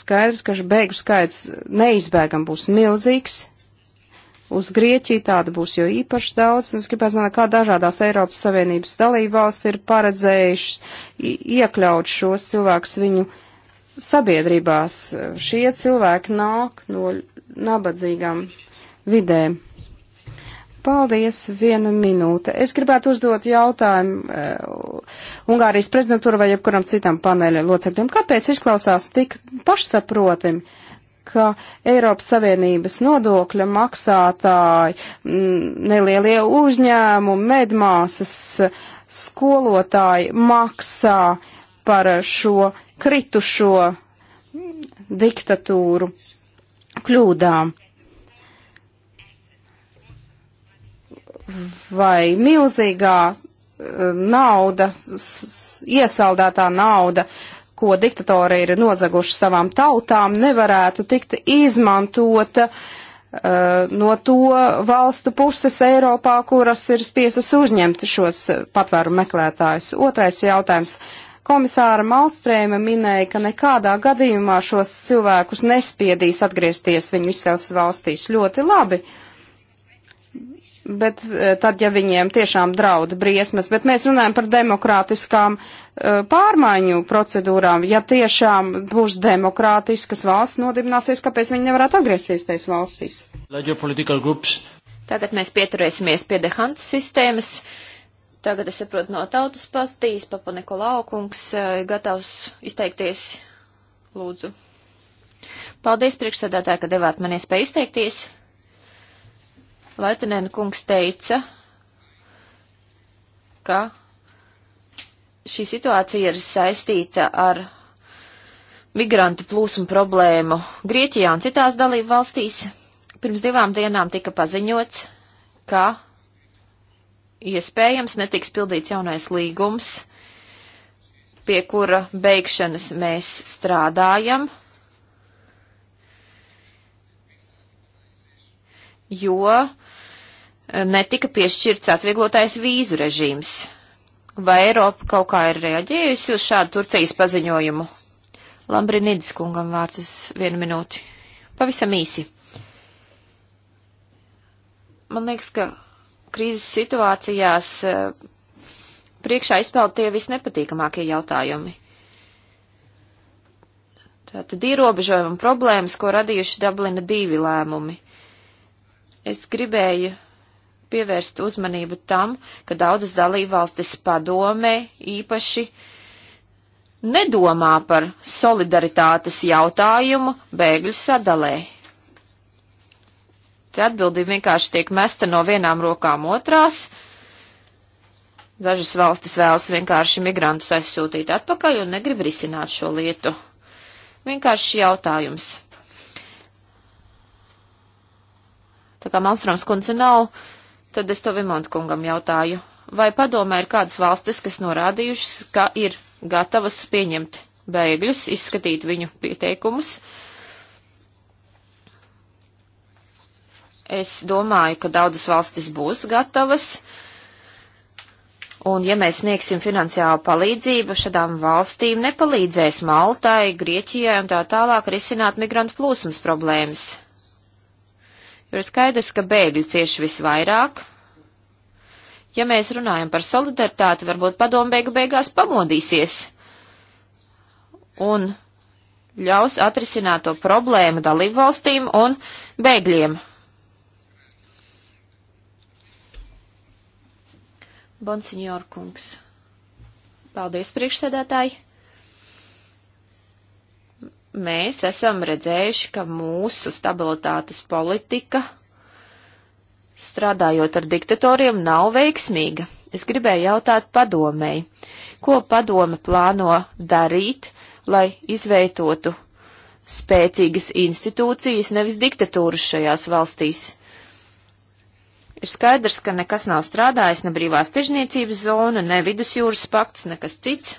Speaker 2: Skaidrs, ka bēgļu skaits neizbēgam būs milzīgs, uz Grieķiju, tāda būs jo īpaši daudz, un es gribētu zināt, kā dažādās Eiropas Savienības dalībvalsts ir paredzējušas iekļaut šos cilvēkus viņu sabiedrībās. Šie cilvēki nāk no nabadzīgām vidēm. Paldies, viena minūte. Es gribētu uzdot jautājumu uh, Ungārijas prezidentūra vai jebkuram citam paneļa locekļiem. Kāpēc izklausās tik pašsaprotami? Uh, ka Eiropas Savienības nodokļa maksātāji, mm, nelielie uzņēmumi, medmāsas, skolotāji maksā par šo kritušo diktatūru kļūdām. Vai milzīgā eh, nauda, iesaldētā nauda uh, ko diktatori ir nozaguši savām tautām, nevarētu tikt izmantota uh, no to valstu puses Eiropā, kuras ir spiesas uzņemt šos patvēru meklētājus. Otrais jautājums. Komisāra Malstrēma minēja, ka nekādā gadījumā šos cilvēkus nespiedīs atgriezties viņu izcelsmes valstīs ļoti labi. Uh, bet eh, tad, ja viņiem tiešām draud briesmas, bet mēs runājam par demokrātiskām uh, pārmaiņu procedūrām, ja tiešām būs
Speaker 3: demokrātiskas valsts nodibināsies, kāpēc viņi nevarētu atgriezties tais valstīs. Tagad mēs pieturēsimies pie Dehanta sistēmas. Tagad es saprotu no tautas pastīs, Papa Nikolau kungs eh, gatavs izteikties. Lūdzu. Paldies priekšsēdētāji, ka devāt man iespēju izteikties. Laitinēna kungs teica, ka šī situācija ir saistīta ar migrantu plūsmu problēmu Grieķijā un citās dalību valstīs. Pirms divām dienām tika paziņots, ka iespējams netiks pildīts jaunais līgums, pie kura beigšanas mēs strādājam jo eh, netika piešķirts atvieglotais vīzu režīms. Vai Eiropa kaut kā ir reaģējusi uz šādu Turcijas paziņojumu? Lambrinidis kungam vārds uz vienu minūti. Pavisam īsi. Man liekas, ka krīzes situācijās eh, priekšā izpeld tie visnepatīkamākie jautājumi. Tātad ierobežojuma problēmas, ko radījuši Dublina divi lēmumi. Es gribēju pievērst uzmanību tam, ka daudzas dalībvalstis padomē īpaši nedomā par solidaritātes jautājumu bēgļu sadalē. Te atbildība vienkārši tiek mesta no vienām rokām otrās. Dažas valstis vēlas vienkārši migrantus aizsūtīt atpakaļ un negrib risināt šo lietu. Vienkārši jautājums. Tā kā Malstroms kundze nav, tad es to Vimont kungam jautāju. Vai padomē ir kādas valstis, kas norādījušas, ka ir gatavas pieņemt bēgļus, izskatīt viņu pieteikumus? Es domāju, ka daudzas valstis būs gatavas. Un ja mēs sniegsim finansiālu palīdzību, šādām valstīm nepalīdzēs Maltai, Grieķijai un tā tālāk risināt migrantu plūsmas problēmas jo ir skaidrs, ka bēgļi cieši visvairāk. Ja mēs runājam par solidaritāti, varbūt padomu beigu beigās pamodīsies un ļaus atrisināt to problēmu dalību valstīm un bēgļiem. Bonsignor kungs. Paldies, priekšsēdētāji! mēs esam redzējuši, ka mūsu stabilitātes politika, strādājot ar diktatoriem, nav veiksmīga. Es gribēju jautāt padomēji, ko padome plāno darīt, lai izveidotu spēcīgas institūcijas, nevis diktatūras šajās valstīs. Ir skaidrs, ka nekas nav strādājis, ne brīvās tirzniecības zona, ne vidusjūras pakts, nekas cits.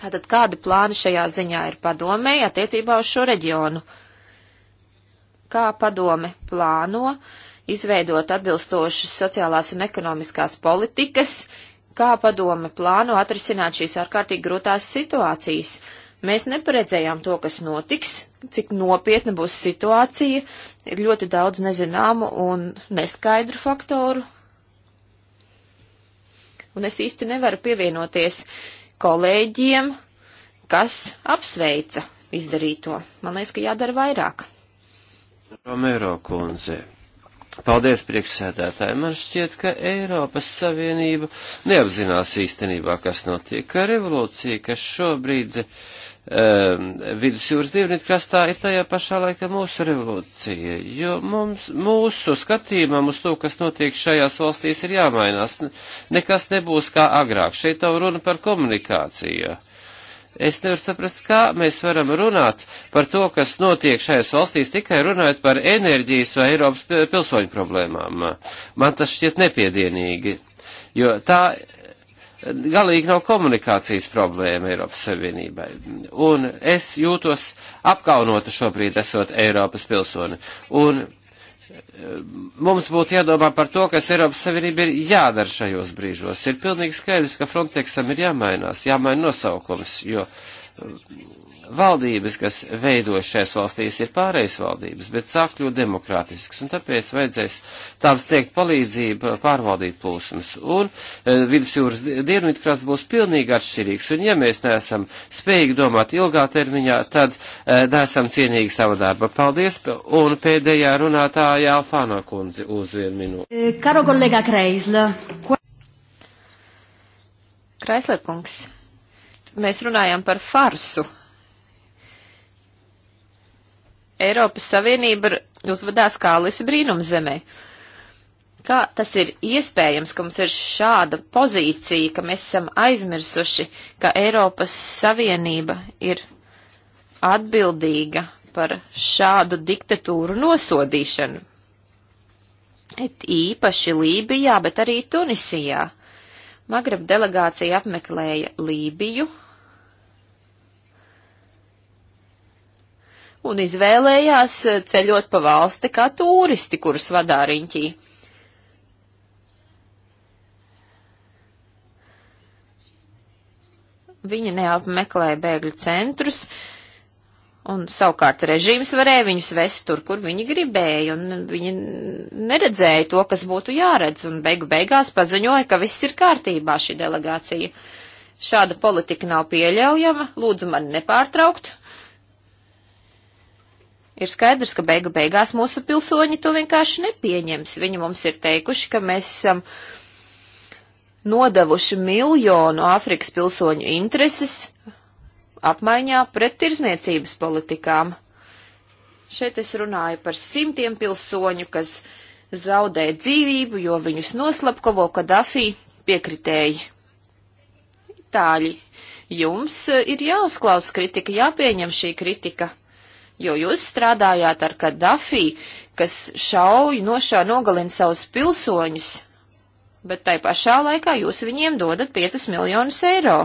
Speaker 3: Tātad kādi plāni šajā ziņā ir padomēji attiecībā uz šo reģionu? Kā padome plāno izveidot atbilstošas sociālās un ekonomiskās politikas, kā padome plāno atrisināt šīs ārkārtīgi grūtās situācijas? Mēs neparedzējām to, kas notiks, cik nopietna būs situācija, ir ļoti daudz nezināmu un neskaidru faktoru. Un es īsti nevaru pievienoties uh, kolēģiem, kas apsveica izdarīto. Man liekas, ka jādara vairāk.
Speaker 1: Romero kundze. Paldies, priekšsēdētāji. Man šķiet, ka Eiropas Savienība neapzinās īstenībā, kas notiek. Ka revolūcija, kas šobrīd um, vidusjūras dienvidkrastā ir tajā pašā laikā mūsu revolūcija, jo mums, mūsu skatījumam uz to, kas notiek šajās valstīs, ir jāmainās. Nekas nebūs kā agrāk. Šeit jau runa par komunikāciju. Es nevaru saprast, kā mēs varam runāt par to, kas notiek šajās valstīs, tikai runājot par enerģijas vai Eiropas pilsoņu problēmām. Man tas šķiet nepiedienīgi, jo tā galīgi nav komunikācijas problēma Eiropas Savienībai. Un es jūtos apkaunota šobrīd esot Eiropas pilsoni. Un eh, mums būtu jādomā par to, kas Eiropas Savienība ir jādara šajos brīžos. Ir pilnīgi skaidrs, ka Frontexam ir jāmainās, jāmaina nosaukums, jo valdības, kas veido šajās valstīs, ir pārējais valdības, bet sāk kļūt demokrātisks, un tāpēc vajadzēs tām sniegt palīdzību pārvaldīt plūsmas. Un e, vidusjūras dienvidkrasts būs pilnīgi atšķirīgs, un ja mēs neesam spējīgi domāt ilgā termiņā, tad e, neesam cienīgi sava darba. Paldies, un pēdējā runātāja Alfāno kundze uz vienu minūti.
Speaker 3: Karo e, kolēga Kreisla. Kreisler kungs, mēs runājam par farsu Eiropas Savienība uzvedās kā Alisa brīnums zemē. Kā tas ir iespējams, ka mums ir šāda pozīcija, ka mēs esam aizmirsuši, ka Eiropas Savienība ir atbildīga par šādu diktatūru nosodīšanu? Et īpaši Lībijā, bet arī Tunisijā. Magreb delegācija apmeklēja Lībiju, un izvēlējās eh, ceļot pa valsti kā turisti, kurus vadā riņķī. Viņi neapmeklēja bēgļu centrus, un savukārt režīms varēja viņus vest tur, kur viņi gribēja, un viņi neredzēja to, kas būtu jāredz, un beigu beigās paziņoja, ka viss ir kārtībā šī delegācija. Šāda politika nav pieļaujama, lūdzu mani nepārtraukt, Ir skaidrs, ka beigu beigās mūsu pilsoņi to vienkārši nepieņems. Viņi mums ir teikuši, ka mēs esam nodevuši miljonu Āfrikas pilsoņu intereses apmaiņā pret tirzniecības politikām. Šeit es runāju par simtiem pilsoņu, kas zaudēja dzīvību, jo viņus noslapkavo Kadafī piekritēji. Itāļi, jums ir jāuzklaus kritika, jāpieņem šī kritika jo jūs strādājāt ar Kadafī, kas šauj nošā nogalina savus pilsoņus, bet tai pašā laikā jūs viņiem dodat 5 miljonus eiro.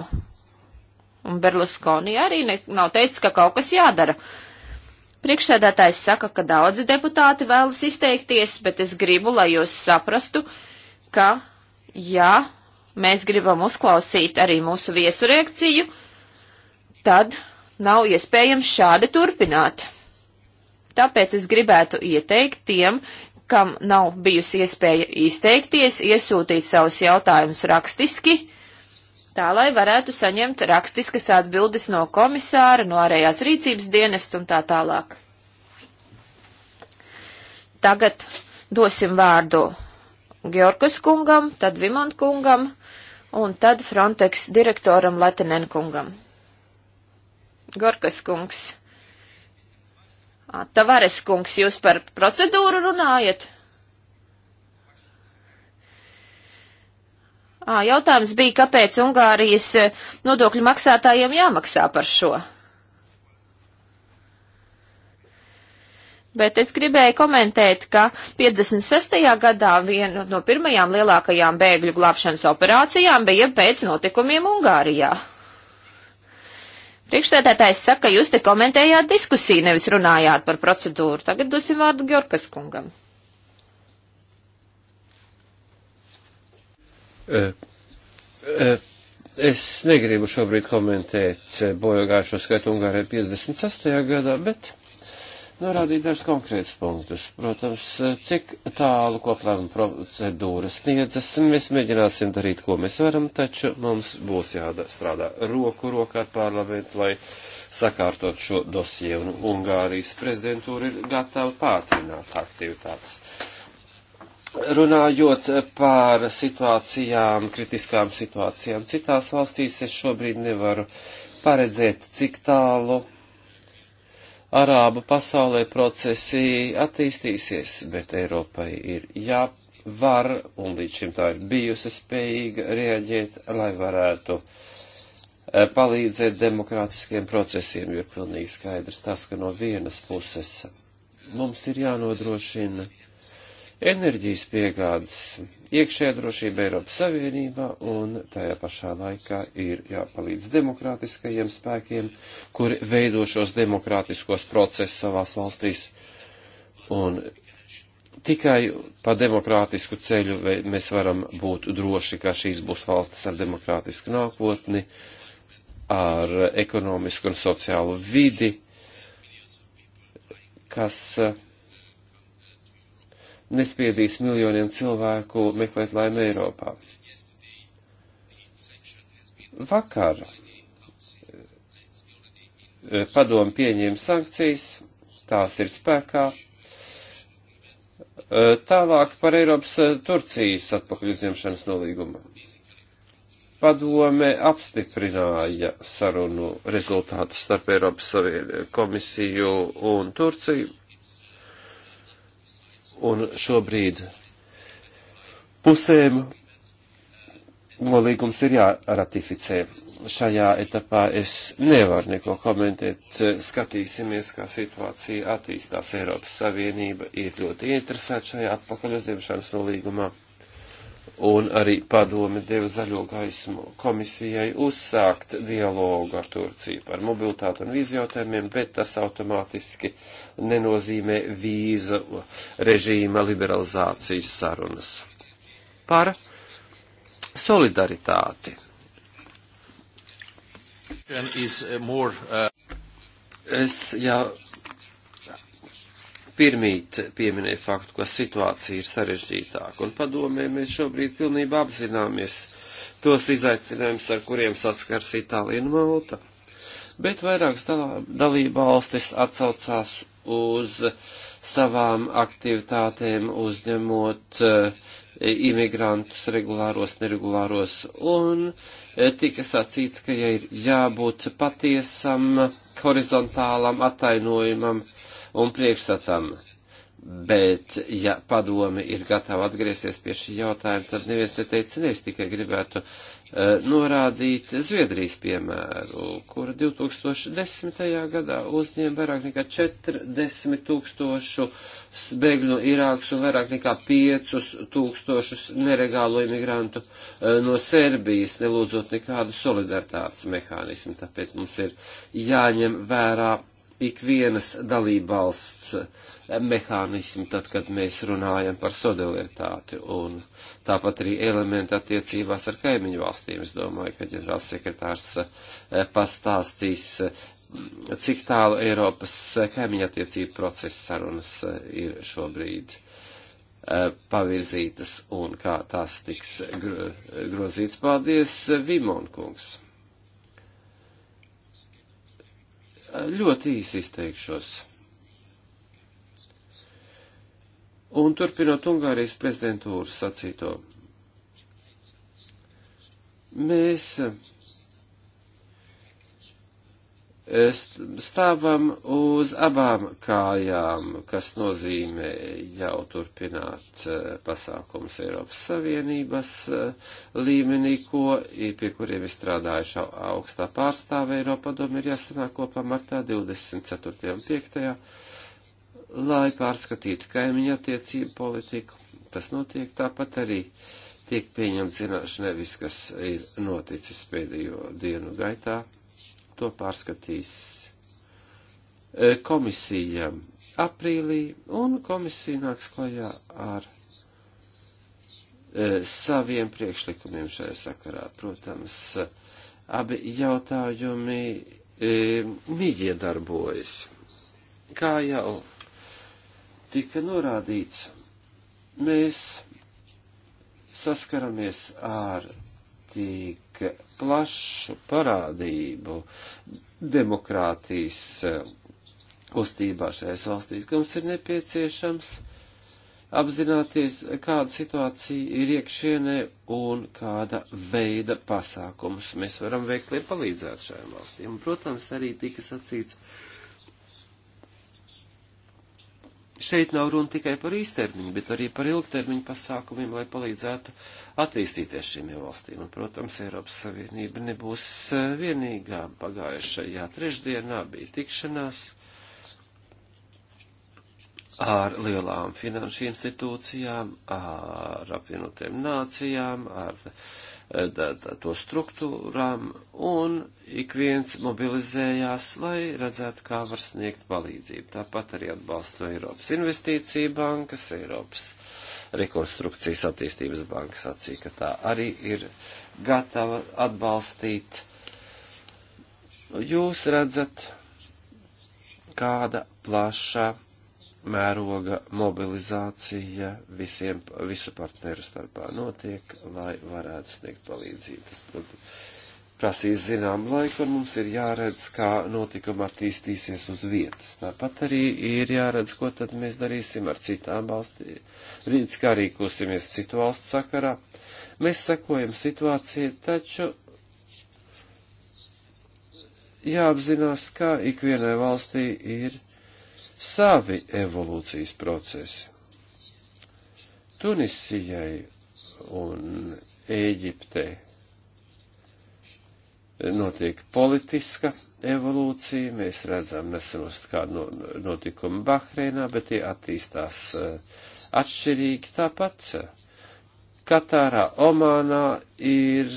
Speaker 3: Un Berluskoni arī ne, nav teicis, ka kaut kas jādara. Priekšsēdētājs saka, ka daudzi deputāti vēlas izteikties, bet es gribu, lai jūs saprastu, ka, ja mēs gribam uzklausīt arī mūsu viesu reakciju, tad nav iespējams šādi turpināt. Tāpēc es gribētu ieteikt tiem, kam nav bijusi iespēja izteikties, iesūtīt savus jautājumus rakstiski, tā lai varētu saņemt rakstiskas atbildes no komisāra, no ārējās rīcības dienestu un tā tālāk. Tagad dosim vārdu Georgas kungam, tad Vimant kungam un tad Frontex direktoram Latinēn kungam. Gorkas kungs. Tavares kungs, jūs par procedūru runājat? À, jautājums bija, kāpēc Ungārijas e, nodokļu maksātājiem jāmaksā par šo? Bet es gribēju komentēt, ka 56. gadā viena no pirmajām lielākajām bēgļu glābšanas operācijām bija pēc notikumiem Ungārijā. Priekšsēdētājs saka, jūs te komentējāt diskusiju, nevis runājāt par procedūru. Tagad dosim vārdu Georgas kungam.
Speaker 1: E, e, es negribu šobrīd komentēt e, bojogājušo skaitu Ungārijā 58. gadā, bet norādīt dažus konkrētus punktus. Protams, cik tālu koplēma procedūra sniedzas, mēs mēģināsim darīt, ko mēs varam, taču mums būs jāstrādā roku rokā ar parlamentu, lai sakārtot šo dosie, un Ungārijas prezidentūra ir gatava pātrināt aktivitātes. Runājot par situācijām, kritiskām situācijām citās valstīs, es šobrīd nevaru paredzēt, cik tālu Arābu pasaulē procesi attīstīsies, bet Eiropai ir jāvar, un līdz šim tā ir bijusi spējīga rieģēt, lai varētu e, palīdzēt demokrātiskiem procesiem, jo ir pilnīgi skaidrs tas, ka no vienas puses mums ir jānodrošina enerģijas piegādes iekšējā drošība Eiropas Savienībā un tajā pašā laikā ir jāpalīdz demokrātiskajiem spēkiem, kuri veido šos demokrātiskos procesus savās valstīs. Un tikai pa demokrātisku ceļu mēs varam būt droši, ka šīs būs valstis ar demokrātisku nākotni, ar ekonomisku un sociālu vidi, kas uh, nespiedīs miljoniem cilvēku meklēt laimi Eiropā. Vakar eh, padomu pieņēma sankcijas, tās ir spēkā. Eh, tālāk par Eiropas eh, Turcijas atpakaļ uzņemšanas nolīgumu. Padome apstiprināja sarunu rezultātus starp Eiropas komisiju un Turciju un šobrīd pusēm nolīgums ir jāratificē. Šajā etapā es nevaru neko komentēt. Skatīsimies, kā situācija attīstās. Eiropas Savienība ir ļoti interesēta šajā atpakaļ uzņemšanas nolīgumā un arī padome deva zaļo gaismu komisijai uzsākt dialogu ar Turciju par mobilitātu un vīzu jautājumiem, bet tas automātiski nenozīmē vīzu režīma liberalizācijas sarunas. Par solidaritāti. Uh, es jau pirmīt pieminēja faktu, ka situācija ir sarežģītāka, un padomē mēs šobrīd pilnībā apzināmies tos izaicinājumus, ar kuriem saskars Itālija un Malta. Bet vairākas dalība valstis atsaucās uz savām aktivitātēm, uzņemot uh, imigrantus regulāros, neregulāros, un e, tika sacīts, ka ja ir jābūt patiesam, horizontālam attainojumam un priekšstatam. Bet, ja padomi ir gatava atgriezties pie šī jautājuma, tad neviens neteica, ne es tikai gribētu uh, norādīt Zviedrijas piemēru, kura 2010. gadā uzņēma vairāk nekā 40 tūkstošu bēgļu no Irākas un vairāk nekā 5 tūkstošus neregālo imigrantu uh, no Serbijas, nelūdzot nekādu solidaritātes mehānismu. Tāpēc mums ir jāņem vērā ikvienas dalībvalsts mehānismi, tad, kad mēs runājam par solidaritāti, un tāpat arī elementi attiecībās ar kaimiņu valstīm. Es domāju, ka ģenerālsekretārs eh, pastāstīs, mm, cik tālu Eiropas eh, kaimiņu attiecību procesa sarunas eh, ir šobrīd pavirzītas un kā tās tiks grozīts. Paldies, Vimon kungs! Ļoti īsi izteikšos. Un turpinot Ungārijas prezidentūras sacīto, mēs stāvam uz abām kājām, kas nozīmē jau turpināt eh, pasākums Eiropas Savienības eh, līmenī, ko, pie kuriem ir strādājuši augstā pārstāve Eiropa doma, ir jāsanāk kopā martā 24. un 5. lai pārskatītu kaimiņa attiecību politiku. Tas notiek tāpat arī tiek pieņemts zināšanai viss, kas ir noticis pēdējo dienu gaitā to pārskatīs e, komisija aprīlī, un komisija nāks klajā ar e, saviem priekšlikumiem šajā sakarā. Protams, abi jautājumi e, mīģie darbojas. Kā jau tika norādīts, mēs saskaramies ar tik plašu parādību demokrātijas eh, kustībā šajās valstīs, ka mums ir nepieciešams apzināties, kāda situācija ir iekšienē un kāda veida pasākumus mēs varam veikt, lai palīdzētu šajām valstīm. Protams, arī tika sacīts, uh, šeit nav runa tikai par īstermiņu, bet arī par ilgtermiņu pasākumiem, lai palīdzētu attīstīties šīm valstīm. Un, protams, Eiropas Savienība nebūs eh, vienīgā. Pagājušajā trešdienā bija tikšanās ar lielām finanšu institūcijām, ar apvienotiem nācijām, ar eh, da, da, to struktūrām, un ik viens mobilizējās, lai redzētu, kā var sniegt palīdzību. Tāpat arī atbalsta Eiropas investīcija bankas, Eiropas rekonstrukcijas attīstības bankas acīja, ka tā arī ir gatava atbalstīt. Jūs redzat, kāda plaša mēroga mobilizācija visiem, visu partneru starpā notiek, lai varētu sniegt palīdzību. Tas tad prasīs zinām laiku, un mums ir jāredz, kā notikuma attīstīsies uz vietas. Tāpat arī ir jāredz, ko tad mēs darīsim ar citām valstīm, rīts kā rīkosimies citu valstu sakarā. Mēs sekojam situāciju, taču jāapzinās, ka ikvienai valstī ir savi evolūcijas procesi. Tunisijai un Ēģiptei notiek politiska evolūcija, mēs redzam nesenos kādu notikumu Bahreinā, bet tie attīstās eh, atšķirīgi tāpat. Eh, Katārā, Omānā ir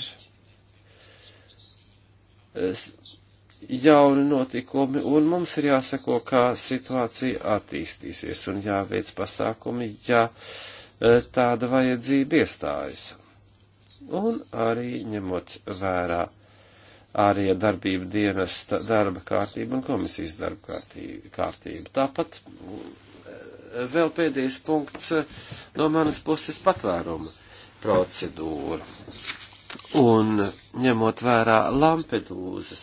Speaker 1: eh, jauni notikumi, un mums ir jāsako, kā situācija attīstīsies, un jāveic pasākumi, ja e, tāda vajadzība iestājas. Un arī ņemot vērā ārējā darbība dienas darba kārtība un komisijas darba kārtība. Tāpat e, vēl pēdējais punkts e, no manas puses patvēruma procedūra. Un ņemot vērā Lampedūzas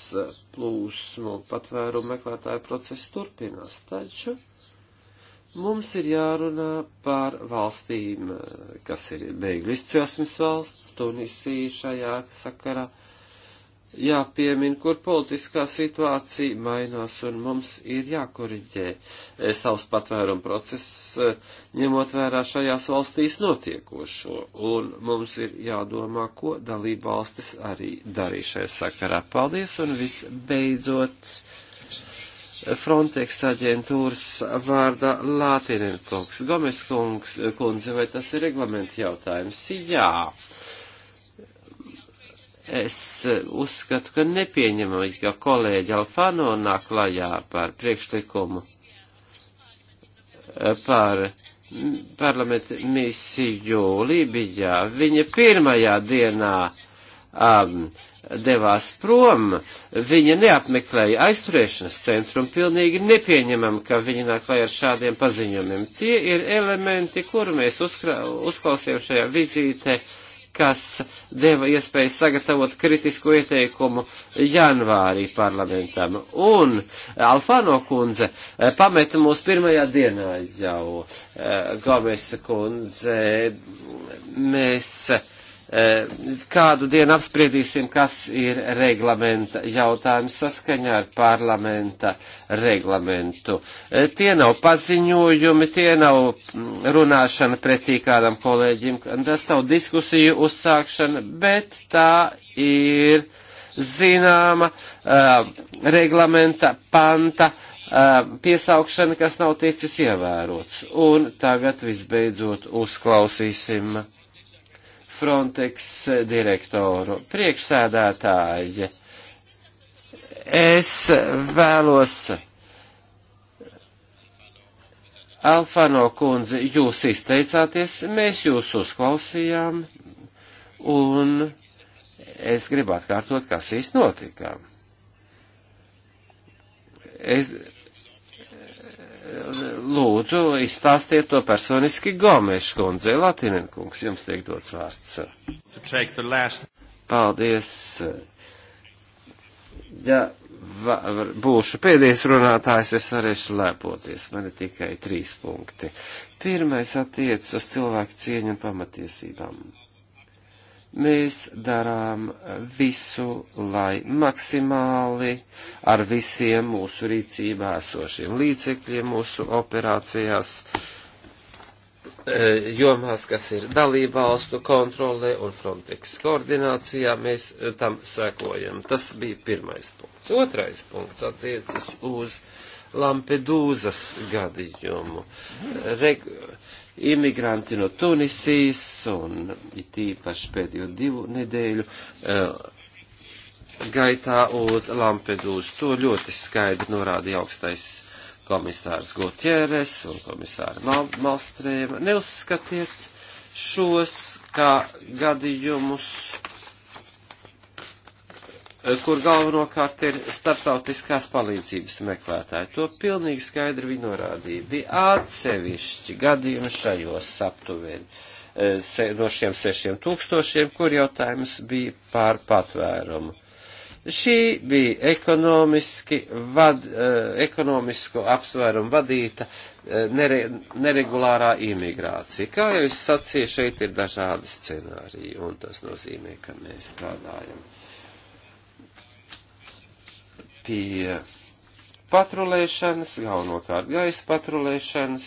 Speaker 1: plūsmu, patvērumu meklētāju procesu turpinās, taču mums ir jārunā par valstīm, kas ir beigļu izcelsmes valsts, Tunisija šajā sakarā. Uh, jāpiemin, kur politiskā situācija mainās un mums ir jākoriģē eh, savs patvērumu process, eh, ņemot vērā šajās valstīs notiekošo. Un mums ir jādomā, ko dalība valstis arī darīšai sakarā. Paldies un visbeidzot. Frontex aģentūras vārdā Lātinenkungs. Gomes kungs, kundze, vai tas ir reglamenta jautājums? Jā. Es eh, uzskatu, ka nepieņemami, ka kolēģi Alfano nāk klajā par priekšlikumu eh, par parlamentu misiju Lībijā. Viņa pirmajā dienā um, devās prom, viņa neapmeklēja aizturēšanas centru un pilnīgi nepieņemam, ka viņa nāk klajā ar šādiem paziņojumiem. Tie ir elementi, kuru mēs uzklausījām šajā vizītē. Uh, kas deva iespēju sagatavot kritisko ieteikumu janvārī parlamentam. Un Alfano kundze eh, pameta mūs pirmajā dienā jau. Eh, Gomes kundze, mēs Eh, kādu dienu apspriedīsim, kas ir reglamenta jautājums saskaņā ar parlamenta reglamentu. Eh, tie nav paziņojumi, tie nav mm, runāšana pretī kādam kolēģim, tas nav diskusiju uzsākšana, bet tā ir zināma uh, reglamenta panta uh, piesaukšana, kas nav ticis ievērots. Un tagad visbeidzot uzklausīsim. Frontex direktoru priekšsēdētāji. Es vēlos. Alfano kundze, jūs izteicāties, mēs jūs uzklausījām, un es gribu atkārtot, kas īsti notika. Es lūdzu, izstāstiet to personiski Gomeša kundze, Latinenkungs, jums tiek dots
Speaker 5: vārds. Paldies. Ja
Speaker 1: va, var, būšu pēdējais runātājs, es varēšu lepoties. Man ir tikai trīs punkti. Pirmais attiec uz cilvēku cieņu un pamatiesībām mēs darām visu, lai maksimāli ar visiem mūsu rīcībā esošiem līdzekļiem mūsu operācijās e, jomās, kas ir dalībvalstu kontrolē un Frontex koordinācijā, mēs tam sekojam. Tas bija pirmais punkts. Otrais punkts attiecas uz uh, Lampedūzas gadījumu. Reg imigranti no Tunisijas un it īpaši pēdējo divu nedēļu uh, gaitā uz Lampedūzu. To ļoti skaidri norādīja augstais komisārs Gutieres un komisāra Mal Malstrēma. Neuzskatiet šos kā gadījumus Eh, kur galvenokārt ir starptautiskās palīdzības meklētāji. To pilnīgi skaidri viņi norādīja. Bija atsevišķi gadījumi šajos aptuveni eh, no šiem sešiem tūkstošiem, kur jautājums bija pār patvērumu. Šī bija ekonomiski, vad, eh, ekonomisku apsvērumu vadīta nere, neregulārā imigrācija. Kā jau es sacīju, šeit ir dažādi scenāriji, un tas nozīmē, ka mēs strādājam pie patrulēšanas, galvenokārt gaisa patrulēšanas,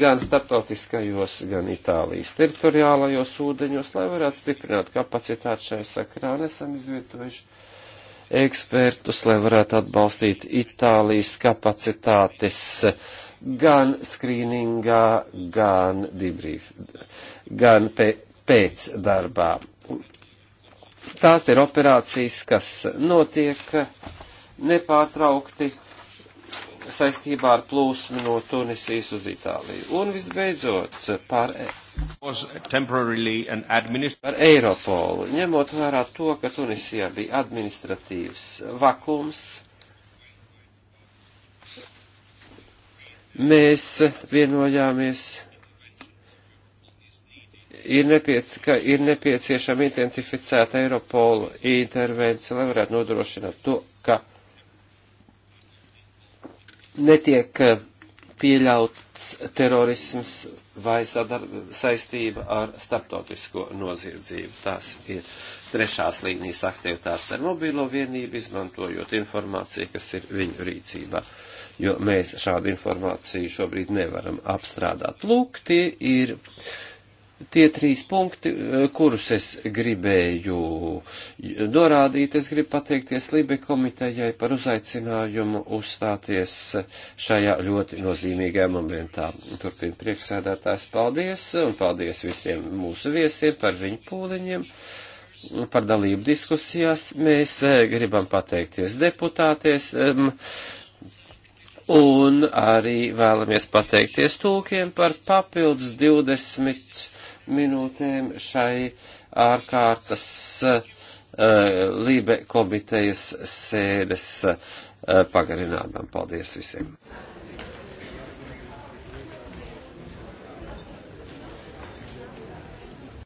Speaker 1: gan starptautiskajos, gan Itālijas teritoriālajos ūdeņos, lai varētu stiprināt kapacitāti šai sakrā. Un esam izvietojuši ekspertus, lai varētu atbalstīt Itālijas kapacitātes gan skrīningā, gan debrief, gan pēc darbā. Tās ir operācijas, kas notiek nepārtraukti saistībā ar plūsmu no Tunisijas uz Itāliju. Un visbeidzot par, e. par Eiropolu, ņemot vērā to, ka Tunisijā bija administratīvs vakums, mēs vienojāmies, ir, nepiec, ka ir nepieciešama identificēta Eiropolu intervencija, lai varētu nodrošināt to, ka netiek eh, pieļauts terorisms vai sadar, saistība ar starptautisko noziedzību. Tās ir trešās līnijas aktivitātes ar mobīlo vienību, izmantojot informāciju, kas ir viņu rīcībā, jo mēs šādu informāciju šobrīd nevaram apstrādāt. Lūk, tie ir uh, tie trīs punkti, eh, kurus es gribēju norādīt, es gribu pateikties Libe komitejai par uzaicinājumu uzstāties šajā ļoti nozīmīgajā momentā. Turpin priekšsēdētājs paldies un paldies visiem mūsu viesiem par viņu pūliņiem. Par dalību diskusijās mēs eh, gribam pateikties deputāties. Um, Un arī vēlamies pateikties tūkiem par papildus 20 minūtēm šai ārkārtas uh, Lībe komitejas sēdes uh, pagarinājumam. Paldies visiem!